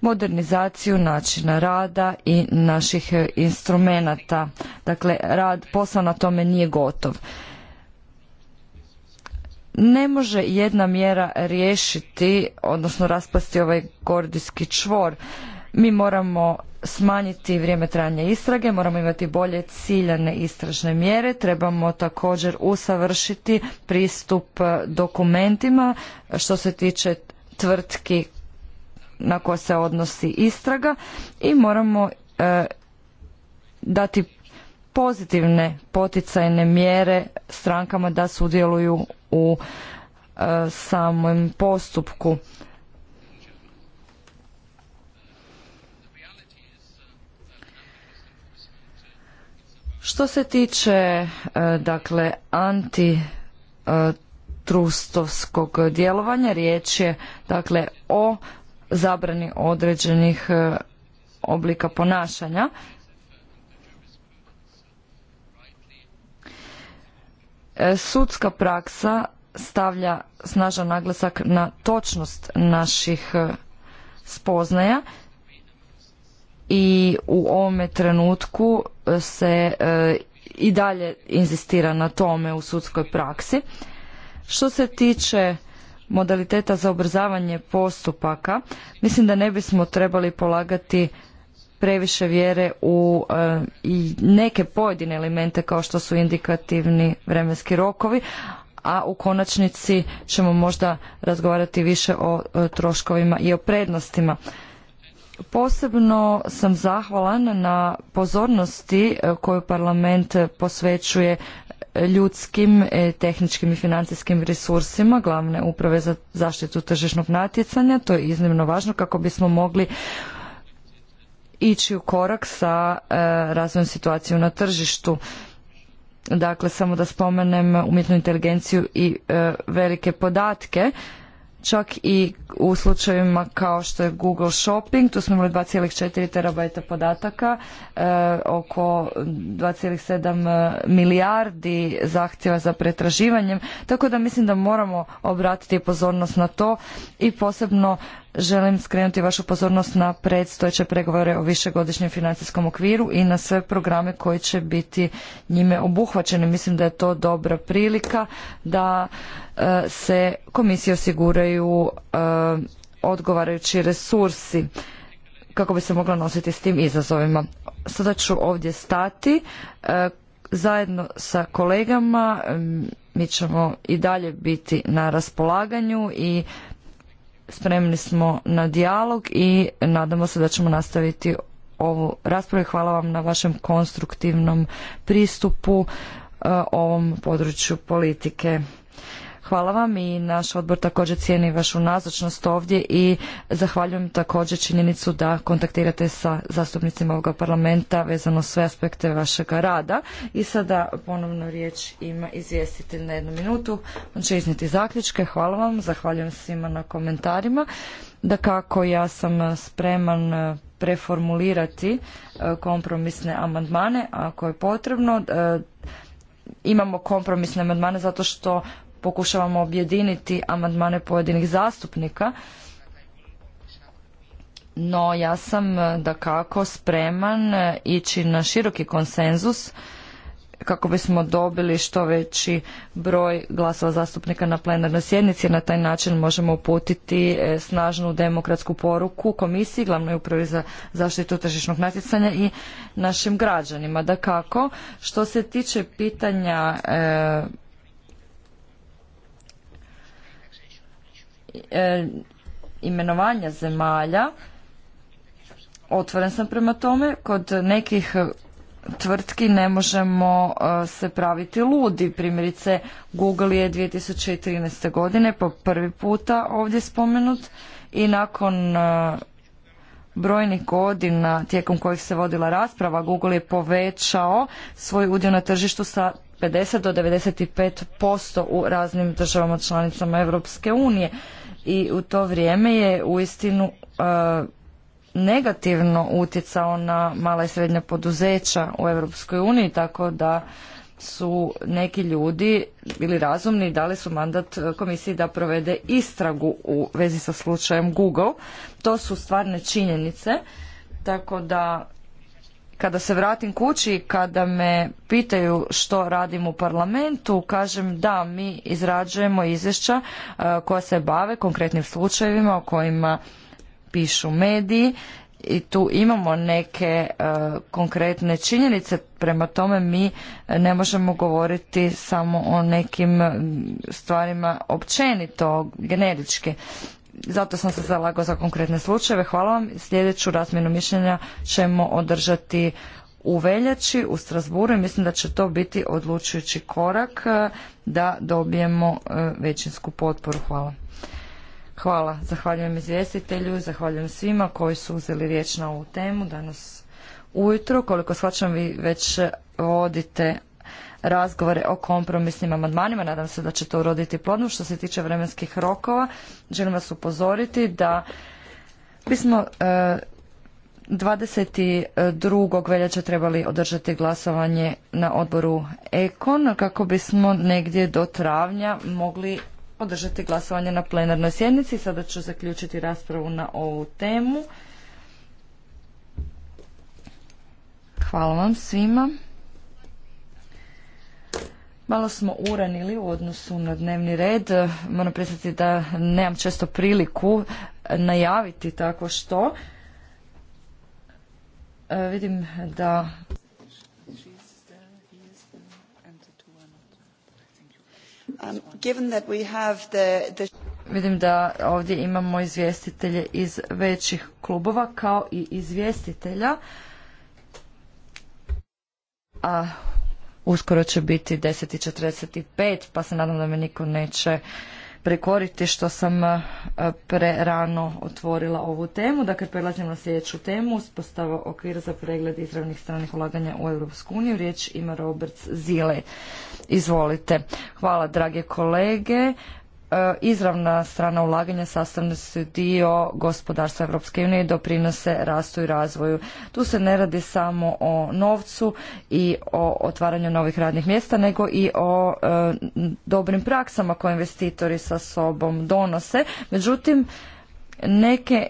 modernizaciju načina rada i naših instrumenata. Dakle, rad posla na tome nije gotov ne može jedna mjera riješiti, odnosno raspasti ovaj gordijski čvor. Mi moramo smanjiti vrijeme trajanja istrage, moramo imati bolje ciljane istražne mjere, trebamo također usavršiti pristup dokumentima što se tiče tvrtki na koje se odnosi istraga i moramo e, dati pozitivne poticajne mjere strankama da sudjeluju u e, samom postupku. Što se tiče e, dakle antitrustovskog djelovanja, riječ je dakle o zabrani određenih e, oblika ponašanja E, sudska praksa stavlja snažan naglasak na točnost naših e, spoznaja i u ovome trenutku e, se i dalje inzistira na tome u sudskoj praksi. Što se tiče modaliteta za obrzavanje postupaka, mislim da ne bismo trebali polagati previše vjere u e, i neke pojedine elemente kao što su indikativni vremenski rokovi, a u konačnici ćemo možda razgovarati više o e, troškovima i o prednostima. Posebno sam zahvalan na pozornosti e, koju parlament posvećuje ljudskim, tehničkim i financijskim resursima glavne uprave za zaštitu tržišnog natjecanja. To je iznimno važno kako bismo mogli ići u korak sa e, razvojem situacije na tržištu. Dakle, samo da spomenem umjetnu inteligenciju i e, velike podatke čak i u slučajevima kao što je Google Shopping, tu smo imali 2,4 terabajta podataka, e, oko 2,7 milijardi zahtjeva za pretraživanjem, tako da mislim da moramo obratiti pozornost na to i posebno želim skrenuti vašu pozornost na predstojeće pregovore o višegodišnjem financijskom okviru i na sve programe koji će biti njime obuhvaćeni. Mislim da je to dobra prilika da e, se komisiji osiguraju e, odgovarajući resursi kako bi se mogla nositi s tim izazovima. Sada ću ovdje stati e, zajedno sa kolegama mi ćemo i dalje biti na raspolaganju i spremni smo na dijalog i nadamo se da ćemo nastaviti ovu raspravu. Hvala vam na vašem konstruktivnom pristupu e, ovom području politike. Hvala vam i naš odbor također cijeni vašu nazočnost ovdje i zahvaljujem također činjenicu da kontaktirate sa zastupnicima ovoga parlamenta vezano sve aspekte vašega rada. I sada ponovno riječ ima izvjestitelj na jednu minutu. On će iznijeti zaključke. Hvala vam, zahvaljujem svima na komentarima. Da kako ja sam spreman preformulirati e, kompromisne amandmane ako je potrebno. E, imamo kompromisne amandmane zato što pokušavamo objediniti amandmane pojedinih zastupnika, no ja sam e, da kako spreman e, ići na široki konsenzus kako bismo dobili što veći broj glasova zastupnika na plenarnoj sjednici. Na taj način možemo uputiti e, snažnu demokratsku poruku komisiji, glavnoj upravi za zaštitu tržišnog natjecanja i našim građanima. Da kako, što se tiče pitanja E, imenovanja zemalja, otvoren sam prema tome, kod nekih tvrtki ne možemo e, se praviti ludi. Primjerice, Google je 2013. godine po prvi puta ovdje spomenut i nakon e, brojnih godina tijekom kojih se vodila rasprava, Google je povećao svoj udio na tržištu sa 50 do 95% u raznim državama članicama Europske unije i u to vrijeme je uistinu e, negativno utjecao na mala i srednja poduzeća u Europskoj uniji, tako da su neki ljudi bili razumni i dali su mandat komisiji da provede istragu u vezi sa slučajem Google. To su stvarne činjenice, tako da kada se vratim kući, kada me pitaju što radim u parlamentu, kažem da mi izrađujemo izvješća e, koja se bave konkretnim slučajevima o kojima pišu mediji i tu imamo neke e, konkretne činjenice prema tome mi ne možemo govoriti samo o nekim stvarima općenito generičke zato sam se zalagao za konkretne slučajeve. Hvala vam. Sljedeću razmjenu mišljenja ćemo održati u veljači u Strasburu i mislim da će to biti odlučujući korak e, da dobijemo e, većinsku potporu. Hvala. Hvala. Zahvaljujem izvjestitelju, zahvaljujem svima koji su uzeli riječ na ovu temu danas ujutro. Koliko shvaćam vi već vodite razgovore o kompromisnim amandmanima. Nadam se da će to uroditi plodom. Što se tiče vremenskih rokova, želim vas upozoriti da bismo e, dvadeset 22. veljače trebali održati glasovanje na odboru Ekon kako bismo negdje do travnja mogli održati glasovanje na plenarnoj sjednici. Sada ću zaključiti raspravu na ovu temu. Hvala vam svima. Malo smo uranili u odnosu na dnevni red. Moram priznati da nemam često priliku najaviti tako što. E, vidim da... Um, vidim da ovdje imamo izvjestitelje iz većih klubova kao i izvjestitelja. A uskoro će biti 10.45 pa se nadam da me niko neće prekoriti što sam eh, prerano otvorila ovu temu. Dakle, prelazim na sljedeću temu, uspostava okvira za pregled izravnih stranih ulaganja u Europsku uniju. Riječ ima Robert Zile. Izvolite. Hvala, drage kolege. E, izravna strana ulaganja sastavni su dio gospodarstva Europske unije i doprinose rastu i razvoju. Tu se ne radi samo o novcu i o otvaranju novih radnih mjesta, nego i o e, dobrim praksama koje investitori sa sobom donose. Međutim, neke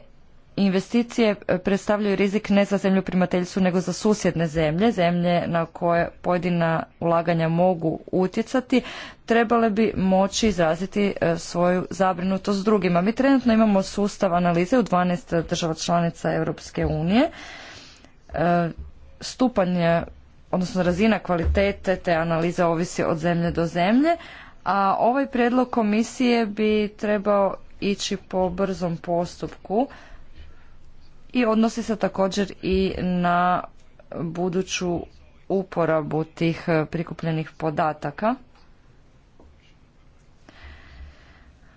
Investicije e, predstavljaju rizik ne za zemlju primateljstvu nego za susjedne zemlje, zemlje na koje pojedina ulaganja mogu utjecati, trebale bi moći izraziti e, svoju zabrinutost drugima. Mi trenutno imamo sustav analize u 12 država članica Europske unije. E, stupanj, odnosno razina kvalitete te analize ovisi od zemlje do zemlje, a ovaj prijedlog komisije bi trebao ići po brzom postupku i odnosi se također i na buduću uporabu tih e, prikupljenih podataka.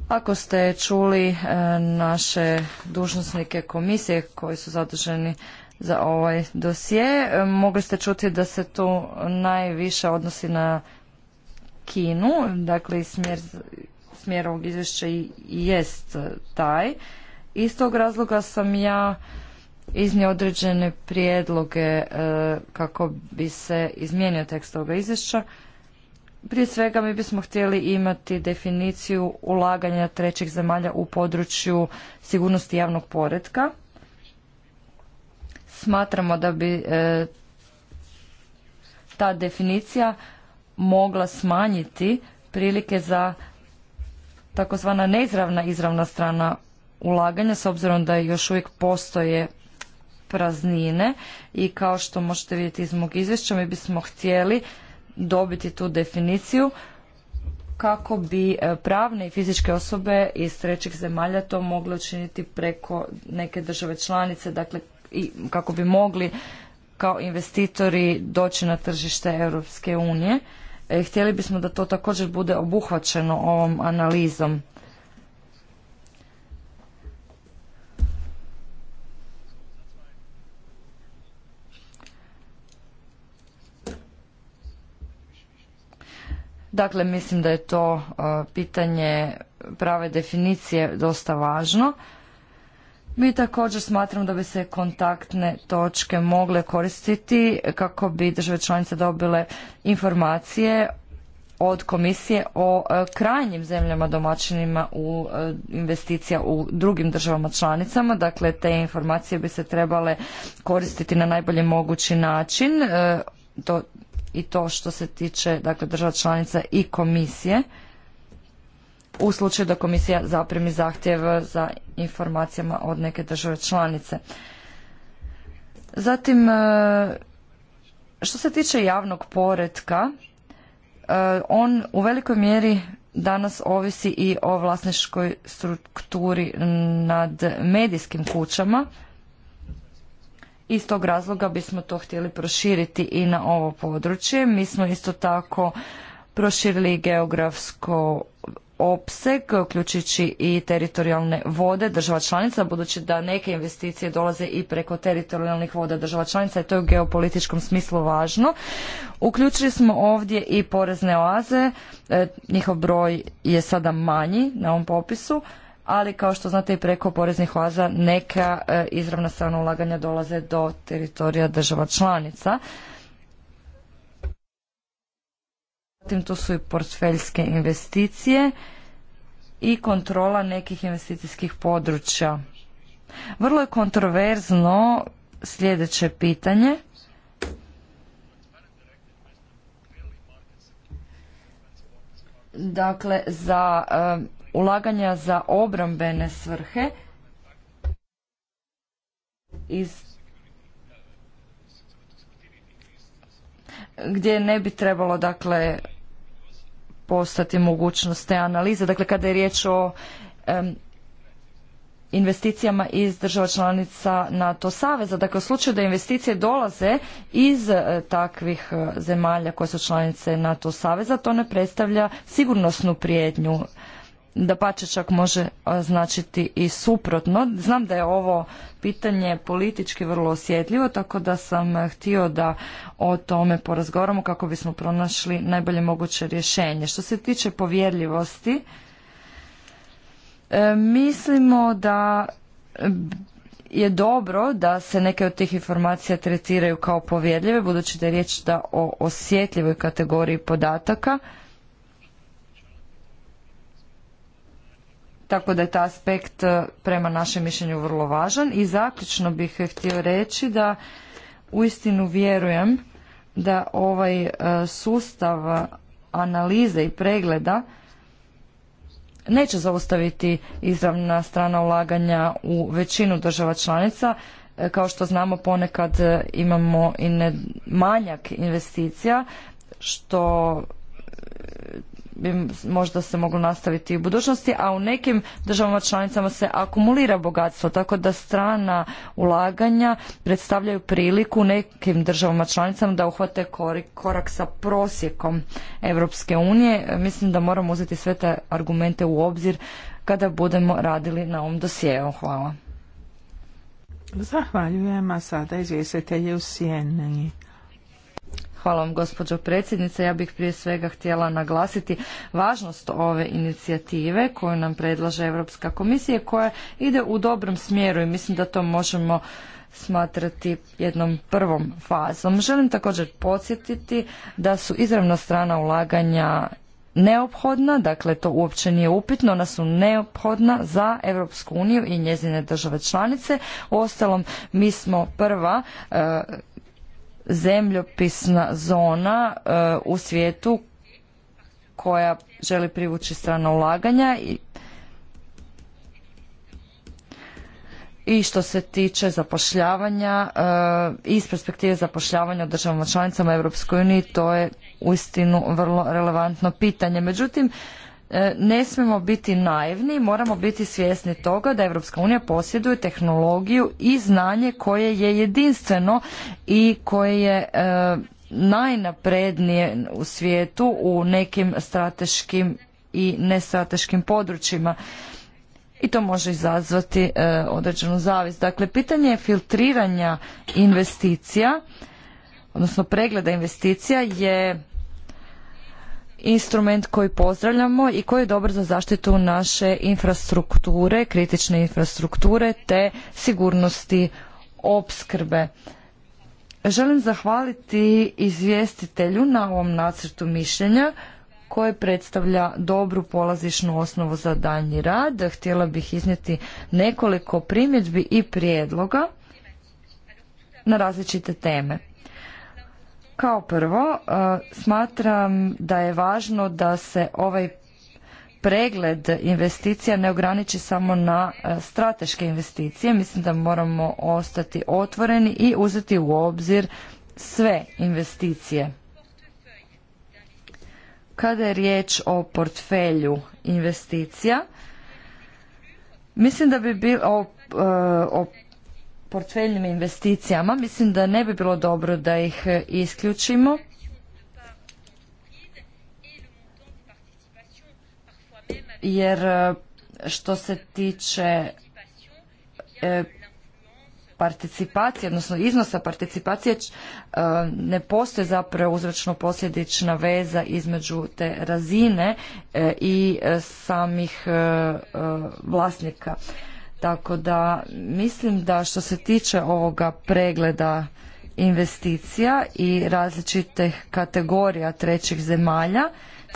Ako ste čuli e, naše dužnosnike komisije koji su zaduženi za ovaj dosje, e, mogli ste čuti da se tu najviše odnosi na Kinu, dakle smjer, smjer ovog izvješća i jest taj. Iz tog razloga sam ja iznio određene prijedloge e, kako bi se izmijenio tekst ovoga izvješća. Prije svega mi bismo htjeli imati definiciju ulaganja trećih zemalja u području sigurnosti javnog poretka. Smatramo da bi e, ta definicija mogla smanjiti prilike za takozvana neizravna izravna strana ulaganja s obzirom da još uvijek postoje praznine i kao što možete vidjeti iz mog izvješća mi bismo htjeli dobiti tu definiciju kako bi e, pravne i fizičke osobe iz trećih zemalja to mogle učiniti preko neke države članice, dakle i kako bi mogli kao investitori doći na tržište Europske unije. E, htjeli bismo da to također bude obuhvaćeno ovom analizom. Dakle, mislim da je to e, pitanje prave definicije dosta važno. Mi također smatram da bi se kontaktne točke mogle koristiti kako bi države članice dobile informacije od komisije o e, krajnjim zemljama domaćinima u e, investicija u drugim državama članicama. Dakle, te informacije bi se trebale koristiti na najbolji mogući način. To i to što se tiče dakle, država članica i komisije u slučaju da komisija zaprimi zahtjev za informacijama od neke države članice. Zatim, e, što se tiče javnog poretka, e, on u velikoj mjeri danas ovisi i o vlasničkoj strukturi nad medijskim kućama, iz tog razloga bismo to htjeli proširiti i na ovo područje. Mi smo isto tako proširili geografsko opseg, uključujući i teritorijalne vode država članica, budući da neke investicije dolaze i preko teritorijalnih voda država članica i to je u geopolitičkom smislu važno. Uključili smo ovdje i porezne oaze, e, njihov broj je sada manji na ovom popisu, ali kao što znate i preko poreznih oaza neka e, izravna strana ulaganja dolaze do teritorija država članica. Zatim tu su i portfeljske investicije i kontrola nekih investicijskih područja. Vrlo je kontroverzno sljedeće pitanje. Dakle, za ulaganja za obrambene svrhe iz gdje ne bi trebalo dakle postati mogućnost te analize. Dakle, kada je riječ o investicijama iz država članica NATO saveza. Dakle, u slučaju da investicije dolaze iz e, takvih e, zemalja koje su članice NATO saveza, to ne predstavlja sigurnosnu prijednju da pače čak može značiti i suprotno. Znam da je ovo pitanje politički vrlo osjetljivo, tako da sam e, htio da o tome porazgovaramo kako bismo pronašli najbolje moguće rješenje. Što se tiče povjerljivosti, e, mislimo da e, je dobro da se neke od tih informacija tretiraju kao povjerljive, budući da je riječ da o osjetljivoj kategoriji podataka Tako da je ta aspekt e, prema našem mišljenju vrlo važan i zaključno bih htio reći da uistinu vjerujem da ovaj e, sustav analize i pregleda neće zaustaviti izravna strana ulaganja u većinu država članica. E, kao što znamo ponekad imamo i manjak investicija što bi možda se moglo nastaviti i u budućnosti, a u nekim državama članicama se akumulira bogatstvo, tako da strana ulaganja predstavljaju priliku nekim državama članicama da uhvate korak sa prosjekom Europske unije. Mislim da moramo uzeti sve te argumente u obzir kada budemo radili na ovom dosjeu. Hvala. Zahvaljujem, a sada izvjestitelji u Hvala vam gospođo predsjednice. Ja bih prije svega htjela naglasiti važnost ove inicijative koju nam predlaže Europska komisija koja ide u dobrom smjeru i mislim da to možemo smatrati jednom prvom fazom. Želim također podsjetiti da su izravna strana ulaganja neophodna, dakle to uopće nije upitno, ona su neophodna za Europsku uniju i njezine države članice. ostalom, mi smo prva e, zemljopisna zona e, u svijetu koja želi privući strana ulaganja i što se tiče zapošljavanja e, iz perspektive zapošljavanja u državama članicama Europskoj to je uistinu vrlo relevantno pitanje. Međutim, E, ne smemo biti naivni, moramo biti svjesni toga da Europska unija posjeduje tehnologiju i znanje koje je jedinstveno i koje je e, najnaprednije u svijetu u nekim strateškim i nestrateškim područjima i to može izazvati e, određenu zavist. Dakle, pitanje je filtriranja investicija, odnosno pregleda investicija je instrument koji pozdravljamo i koji je dobar za zaštitu naše infrastrukture, kritične infrastrukture te sigurnosti opskrbe. Želim zahvaliti izvjestitelju na ovom nacrtu mišljenja koje predstavlja dobru polazišnu osnovu za daljnji rad. Htjela bih iznijeti nekoliko primjedbi i prijedloga na različite teme. Kao prvo, e, smatram da je važno da se ovaj pregled investicija ne ograniči samo na e, strateške investicije. Mislim da moramo ostati otvoreni i uzeti u obzir sve investicije. Kada je riječ o portfelju investicija, mislim da bi bilo o, e, portfeljnim investicijama, mislim da ne bi bilo dobro da ih e, isključimo. Jer e, što se tiče e, participacije, odnosno iznosa participacije, ne postoje zapravo uzračno posljedična veza između te razine i samih vlasnika. Tako da mislim da što se tiče ovoga pregleda investicija i različitih kategorija trećih zemalja,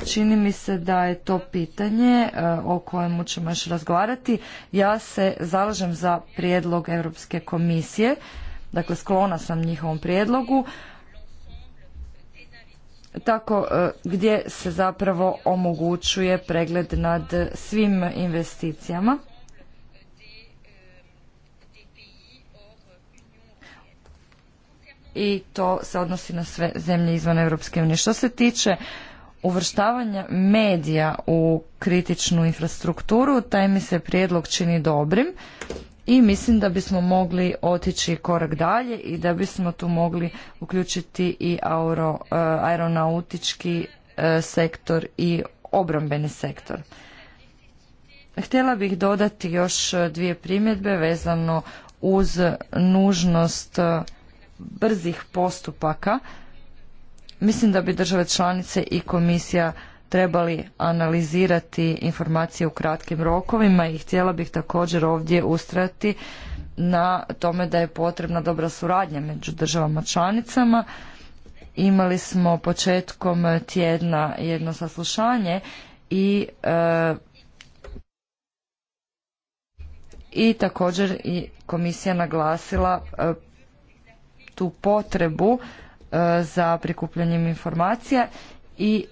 čini mi se da je to pitanje e, o kojemu ćemo još razgovarati. Ja se zalažem za prijedlog Europske komisije, dakle sklona sam njihovom prijedlogu, tako e, gdje se zapravo omogućuje pregled nad svim investicijama i to se odnosi na sve zemlje izvan Europske unije. Što se tiče uvrštavanja medija u kritičnu infrastrukturu, taj mi se prijedlog čini dobrim i mislim da bismo mogli otići korak dalje i da bismo tu mogli uključiti i eh, aeronautički eh, sektor i obrambeni sektor. Htjela bih dodati još dvije primjedbe vezano uz nužnost eh, brzih postupaka, mislim da bi države članice i komisija trebali analizirati informacije u kratkim rokovima i htjela bih također ovdje ustrati na tome da je potrebna dobra suradnja među državama članicama. Imali smo početkom tjedna jedno saslušanje i e, i također i komisija naglasila e, tu potrebu e, za prikupljanjem informacija i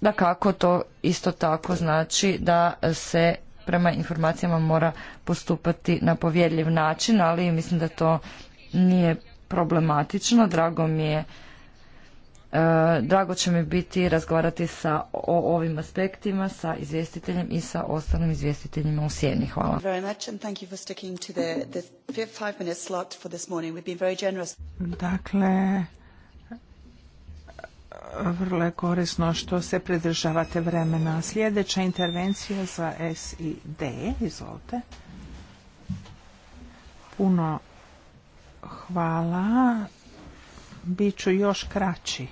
da kako to isto tako znači da se prema informacijama mora postupati na povjerljiv način, ali mislim da to nije problematično. Drago mi je E, drago će mi biti razgovarati sa, o ovim aspektima sa izvjestiteljem i sa ostalim izvjestiteljima u sjeni. Hvala. Dakle, vrlo je korisno što se pridržavate vremena. Sljedeća intervencija za S i D, izvolite. Puno hvala. Biću još kraći.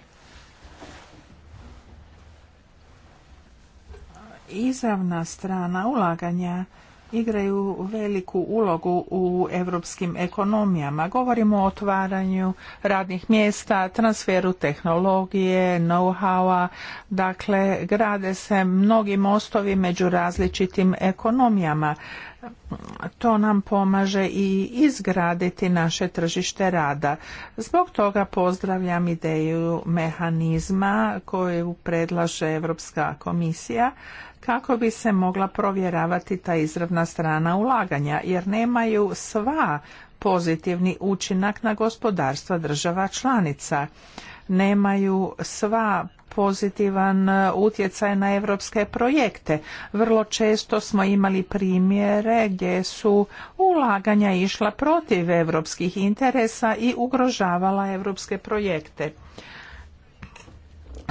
izravna strana ulaganja igraju veliku ulogu u europskim ekonomijama. Govorimo o otvaranju radnih mjesta, transferu tehnologije, know-howa, dakle grade se mnogi mostovi među različitim ekonomijama. To nam pomaže i izgraditi naše tržište rada. Zbog toga pozdravljam ideju mehanizma koju predlaže Europska komisija kako bi se mogla provjeravati ta izravna strana ulaganja jer nemaju sva pozitivni učinak na gospodarstva država članica nemaju sva pozitivan e, utjecaj na europske projekte. Vrlo često smo imali primjere gdje su ulaganja išla protiv europskih interesa i ugrožavala europske projekte.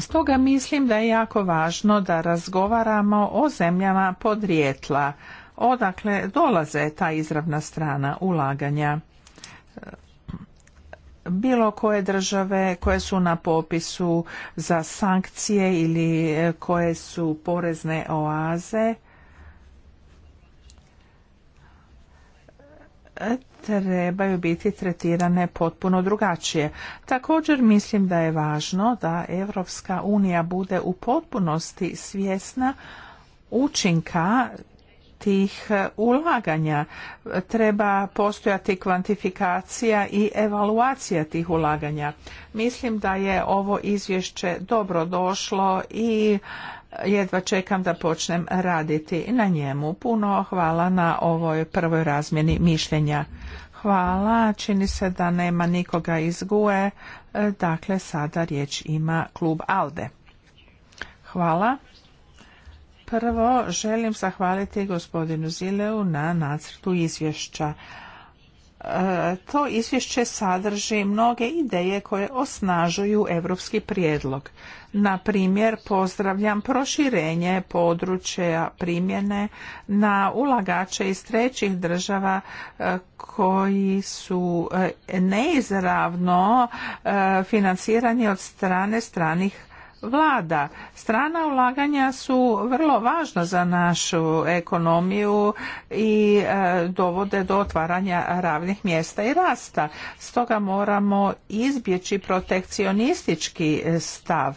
Stoga mislim da je jako važno da razgovaramo o zemljama podrijetla, odakle dolaze ta izravna strana ulaganja bilo koje države koje su na popisu za sankcije ili e, koje su porezne oaze trebaju biti tretirane potpuno drugačije. Također mislim da je važno da Evropska unija bude u potpunosti svjesna učinka tih e, ulaganja. Treba postojati kvantifikacija i evaluacija tih ulaganja. Mislim da je ovo izvješće dobro došlo i jedva čekam da počnem raditi na njemu. Puno hvala na ovoj prvoj razmjeni mišljenja. Hvala, čini se da nema nikoga iz GUE, dakle sada riječ ima klub ALDE. Hvala. Prvo želim zahvaliti gospodinu Zileu na nacrtu izvješća to izvješće sadrži mnoge ideje koje osnažuju europski prijedlog. Na primjer, pozdravljam proširenje područja primjene na ulagače iz trećih država e, koji su e, neizravno e, financirani od strane stranih vlada. Strana ulaganja su vrlo važna za našu ekonomiju i e, dovode do otvaranja ravnih mjesta i rasta. Stoga moramo izbjeći protekcionistički stav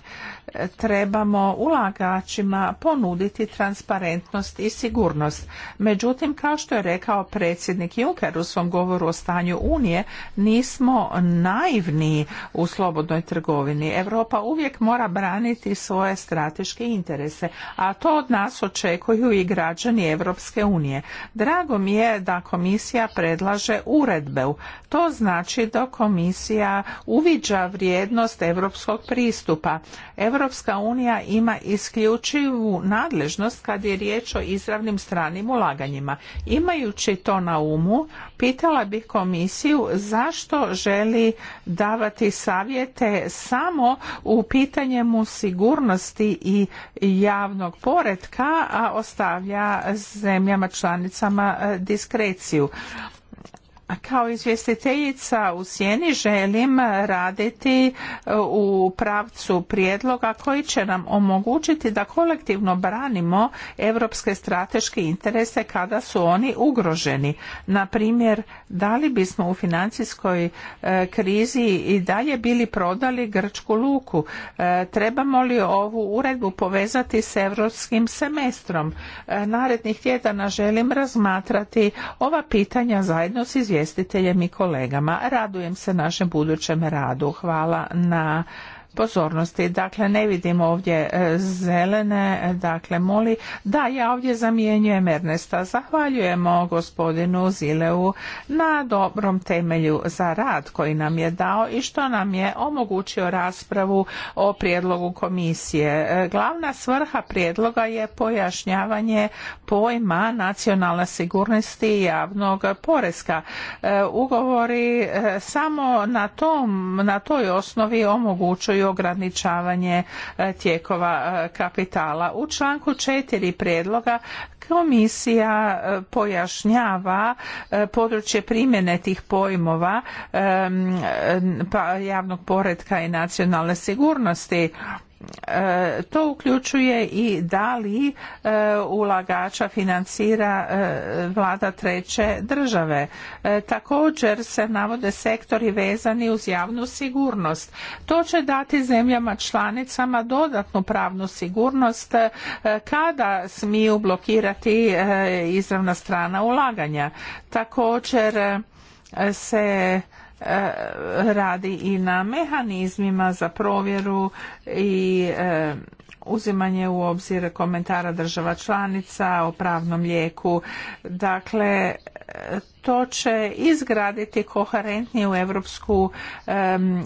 trebamo ulagačima ponuditi transparentnost i sigurnost. Međutim, kao što je rekao predsjednik Juncker u svom govoru o stanju Unije, nismo naivni u slobodnoj trgovini. Europa uvijek mora braniti svoje strateške interese, a to od nas očekuju i građani Europske unije. Drago mi je da komisija predlaže uredbe. To znači da komisija uviđa vrijednost europskog pristupa. EU Europska unija ima isključivu nadležnost kad je riječ o izravnim stranim ulaganjima. Imajući to na umu, pitala bih komisiju zašto želi davati savjete samo u pitanjemu sigurnosti i javnog poretka, a ostavlja zemljama članicama eh, diskreciju kao izvjestiteljica u sjeni želim raditi e, u pravcu prijedloga koji će nam omogućiti da kolektivno branimo europske strateške interese kada su oni ugroženi. Na primjer, da li bismo u financijskoj e, krizi i dalje bili prodali grčku luku? E, trebamo li ovu uredbu povezati s europskim semestrom? Narednih tjedana želim razmatrati ova pitanja zajedno s izvjestiteljem i kolegama. Radujem se našem budućem radu. Hvala na pozornosti. Dakle, ne vidim ovdje e, zelene, dakle, moli. Da, ja ovdje zamjenjujem Ernesta. Zahvaljujemo gospodinu Zileu na dobrom temelju za rad koji nam je dao i što nam je omogućio raspravu o prijedlogu komisije. E, glavna svrha prijedloga je pojašnjavanje pojma nacionalne sigurnosti i javnog poreska. E, ugovori samo na, na toj osnovi omogućuju ograničavanje e, tijekova e, kapitala. U članku četiri prijedloga komisija e, pojašnjava područje primjene tih pojmova pa, javnog poretka i nacionalne sigurnosti E, to uključuje i da li e, ulagača financira e, vlada treće države. Također se navode sektori vezani uz javnu sigurnost. To će dati zemljama članicama dodatnu pravnu sigurnost kada smiju blokirati izravna strana ulaganja. Također se E, radi i na mehanizmima za provjeru i e, uzimanje u obzir komentara država članica o pravnom lijeku. Dakle, to će izgraditi koherentniju europsku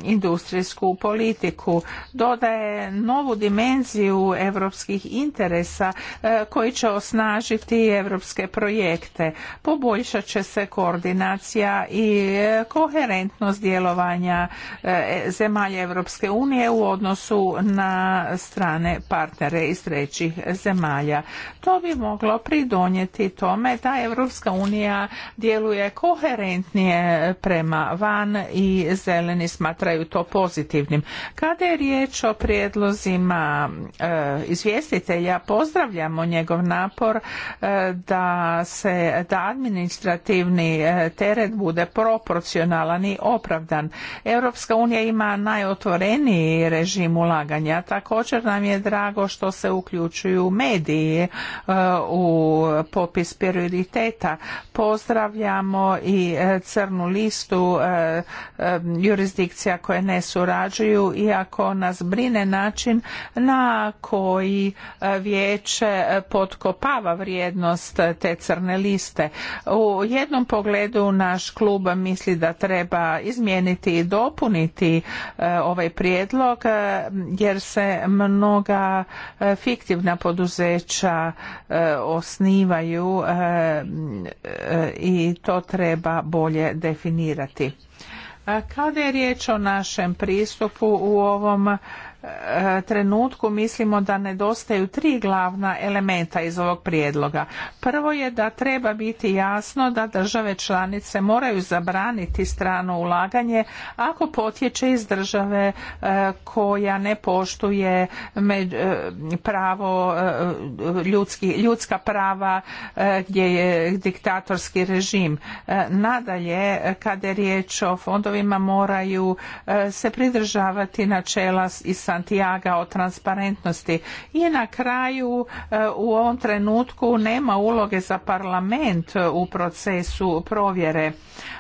industrijsku politiku dodaje novu dimenziju europskih interesa e, koji će osnažiti europske projekte poboljšat će se koordinacija i koherentnost djelovanja e, zemalja Evropske unije u odnosu na strane partnere iz trećih zemalja to bi moglo pridonijeti tome da Evropska unija djeluje je koherentnije prema van i zeleni smatraju to pozitivnim. Kada je riječ o prijedlozima e, izvjestitelja, pozdravljamo njegov napor e, da se da administrativni e, teret bude proporcionalan i opravdan. Europska unija ima najotvoreniji režim ulaganja. Također nam je drago što se uključuju mediji u popis prioriteta. Pozdravlja imamo i e, crnu listu e, e, jurisdikcija koje ne surađuju iako nas brine način na koji vijeće potkopava vrijednost te crne liste. U jednom pogledu naš klub misli da treba izmijeniti i dopuniti ovaj prijedlog jer se mnoga fiktivna poduzeća osnivaju i to treba bolje definirati. Kada je riječ o našem pristupu u ovom E, trenutku mislimo da nedostaju tri glavna elementa iz ovog prijedloga. Prvo je da treba biti jasno da države članice moraju zabraniti strano ulaganje ako potječe iz države e, koja ne poštuje e, pravo ljudska prava gdje je diktatorski režim. Nadalje, kada je riječ o fondovima moraju se pridržavati načela iz Santiago o transparentnosti i na kraju e, u ovom trenutku nema uloge za parlament u procesu provjere.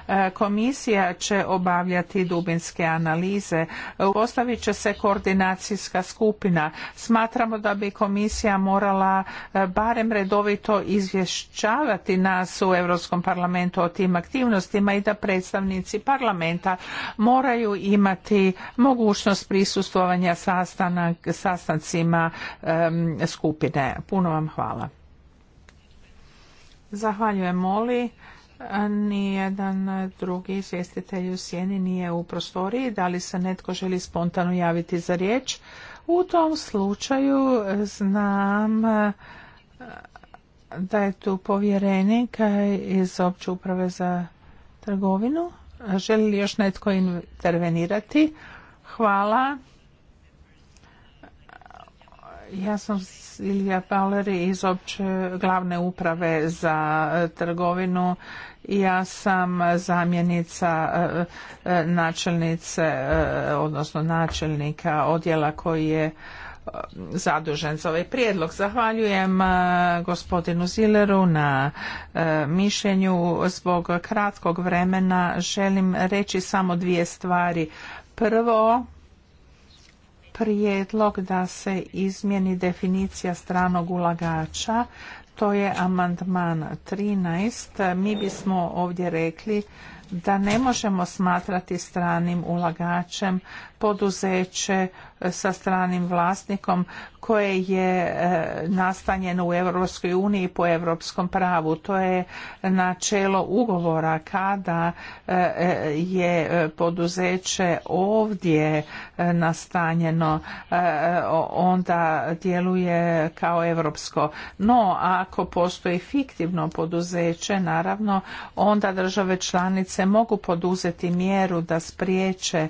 E, komisija će obavljati dubinske analize. Postavit će se koordinacijska skupina. Smatramo da bi komisija morala e, barem redovito izvješćavati nas u Europskom parlamentu o tim aktivnostima i da predstavnici parlamenta moraju imati mogućnost prisustvovanja sastancima skupine. Puno vam hvala. Zahvaljujem Moli. Nijedan drugi izvjestitelj u sjeni nije u prostoriji. Da li se netko želi spontano javiti za riječ? U tom slučaju znam e, da je tu povjerenik e, iz opće uprave za trgovinu. Želi li još netko intervenirati? Hvala. Ja sam Silvija Paleri iz opće glavne uprave za e, trgovinu. Ja sam zamjenica e, e, načelnice, odnosno načelnika odjela koji je zadužen za ovaj prijedlog. Zahvaljujem gospodinu Zileru na mišljenju. Zbog kratkog vremena želim reći samo dvije stvari. Prvo, prijedlog da se izmjeni definicija stranog ulagača. To je amandman 13. Mi bismo ovdje rekli da ne možemo smatrati stranim ulagačem poduzeće sa stranim vlasnikom koje je e, nastanjeno u Europskoj uniji po europskom pravu. To je načelo ugovora kada e, je poduzeće ovdje e, nastanjeno onda djeluje kao europsko. No, ako postoji fiktivno poduzeće, naravno, onda države članice mogu poduzeti mjeru da spriječe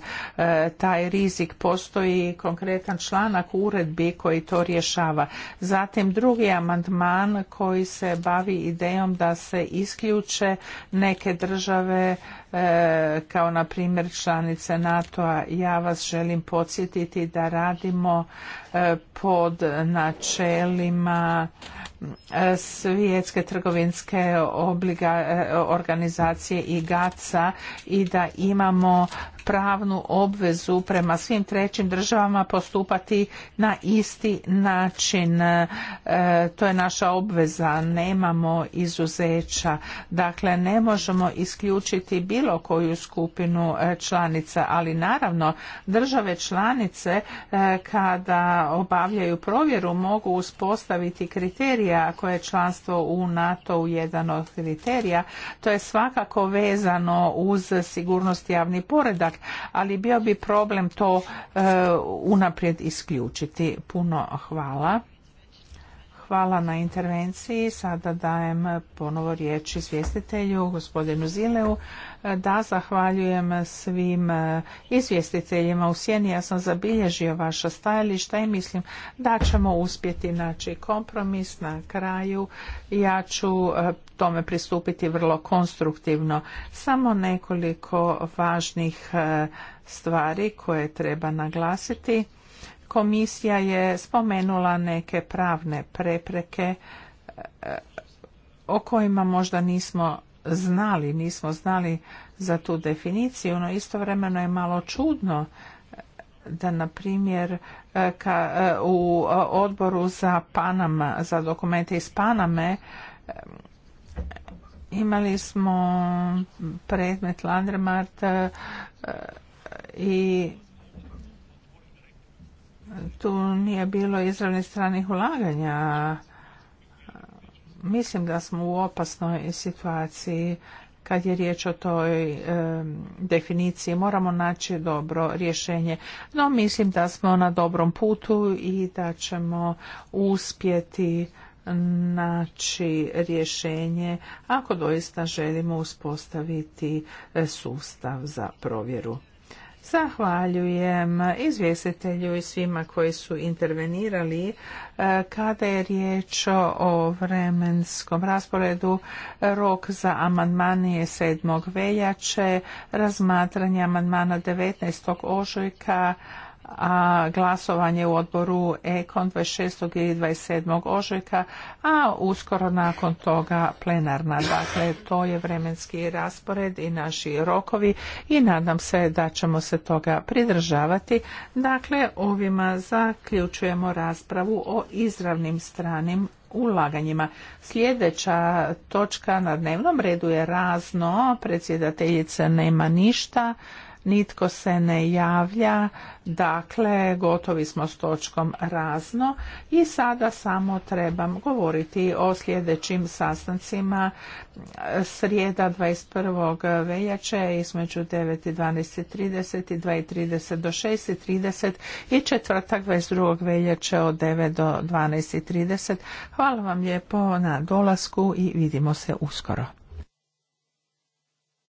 taj rizik. Postoji konkretan članak u uredbi koji to rješava. Zatim drugi amandman koji se bavi idejom da se isključe neke države e, kao na primjer članice NATO-a. Ja vas želim podsjetiti da radimo e, pod načelima e, svjetske trgovinske obliga, organizacije i GATS-a i da imamo pravnu obvezu prema svim trećim državama postupati na isti način. E, to je naša obveza, nemamo izuzeća. Dakle, ne možemo isključiti bilo koju skupinu e, članica, ali naravno države članice e, kada obavljaju provjeru mogu uspostaviti kriterija koje je članstvo u NATO u jedan od kriterija. To je svakako vezano uz sigurnost javni poredak ali bio bi problem to e, unaprijed isključiti. Puno hvala. Hvala na intervenciji. Sada dajem ponovo riječ izvjestitelju, gospodinu Zileu. Da, zahvaljujem svim izvjestiteljima u Sjeni. Ja sam zabilježio vaša stajališta i mislim da ćemo uspjeti naći kompromis na kraju. Ja ću e, tome pristupiti vrlo konstruktivno. Samo nekoliko važnih e, stvari koje treba naglasiti Komisija je spomenula neke pravne prepreke e, o kojima možda nismo znali, nismo znali za tu definiciju, no istovremeno je malo čudno da na primjer e, ka, e, u odboru za Panama, za dokumente iz Paname imali smo predmet Landremart i tu nije bilo izravnih stranih ulaganja. Mislim da smo u opasnoj situaciji kad je riječ o toj definiciji moramo naći dobro rješenje no mislim da smo na dobrom putu i da ćemo uspjeti naći rješenje ako doista želimo uspostaviti e, sustav za provjeru Zahvaljujem izvjestitelju i svima koji su intervenirali. E, kada je riječ o vremenskom rasporedu, rok za amandman je 7. veljače, razmatranje amandmana 19. ožujka, a glasovanje u odboru Ekon 26. i 27. ožujka, a uskoro nakon toga plenarna. Dakle, to je vremenski raspored i naši rokovi i nadam se da ćemo se toga pridržavati. Dakle, ovima zaključujemo raspravu o izravnim stranim ulaganjima. Sljedeća točka na dnevnom redu je razno, predsjedateljice nema ništa. Nitko se ne javlja, dakle gotovi smo s točkom razno i sada samo trebam govoriti o sljedećim sastancima srijeda 21. veljače između 9 i 12.30 i 2.30 do 6.30 i četvrtak 22. veljače od 9 do 12.30. Hvala vam lijepo na dolasku i vidimo se uskoro.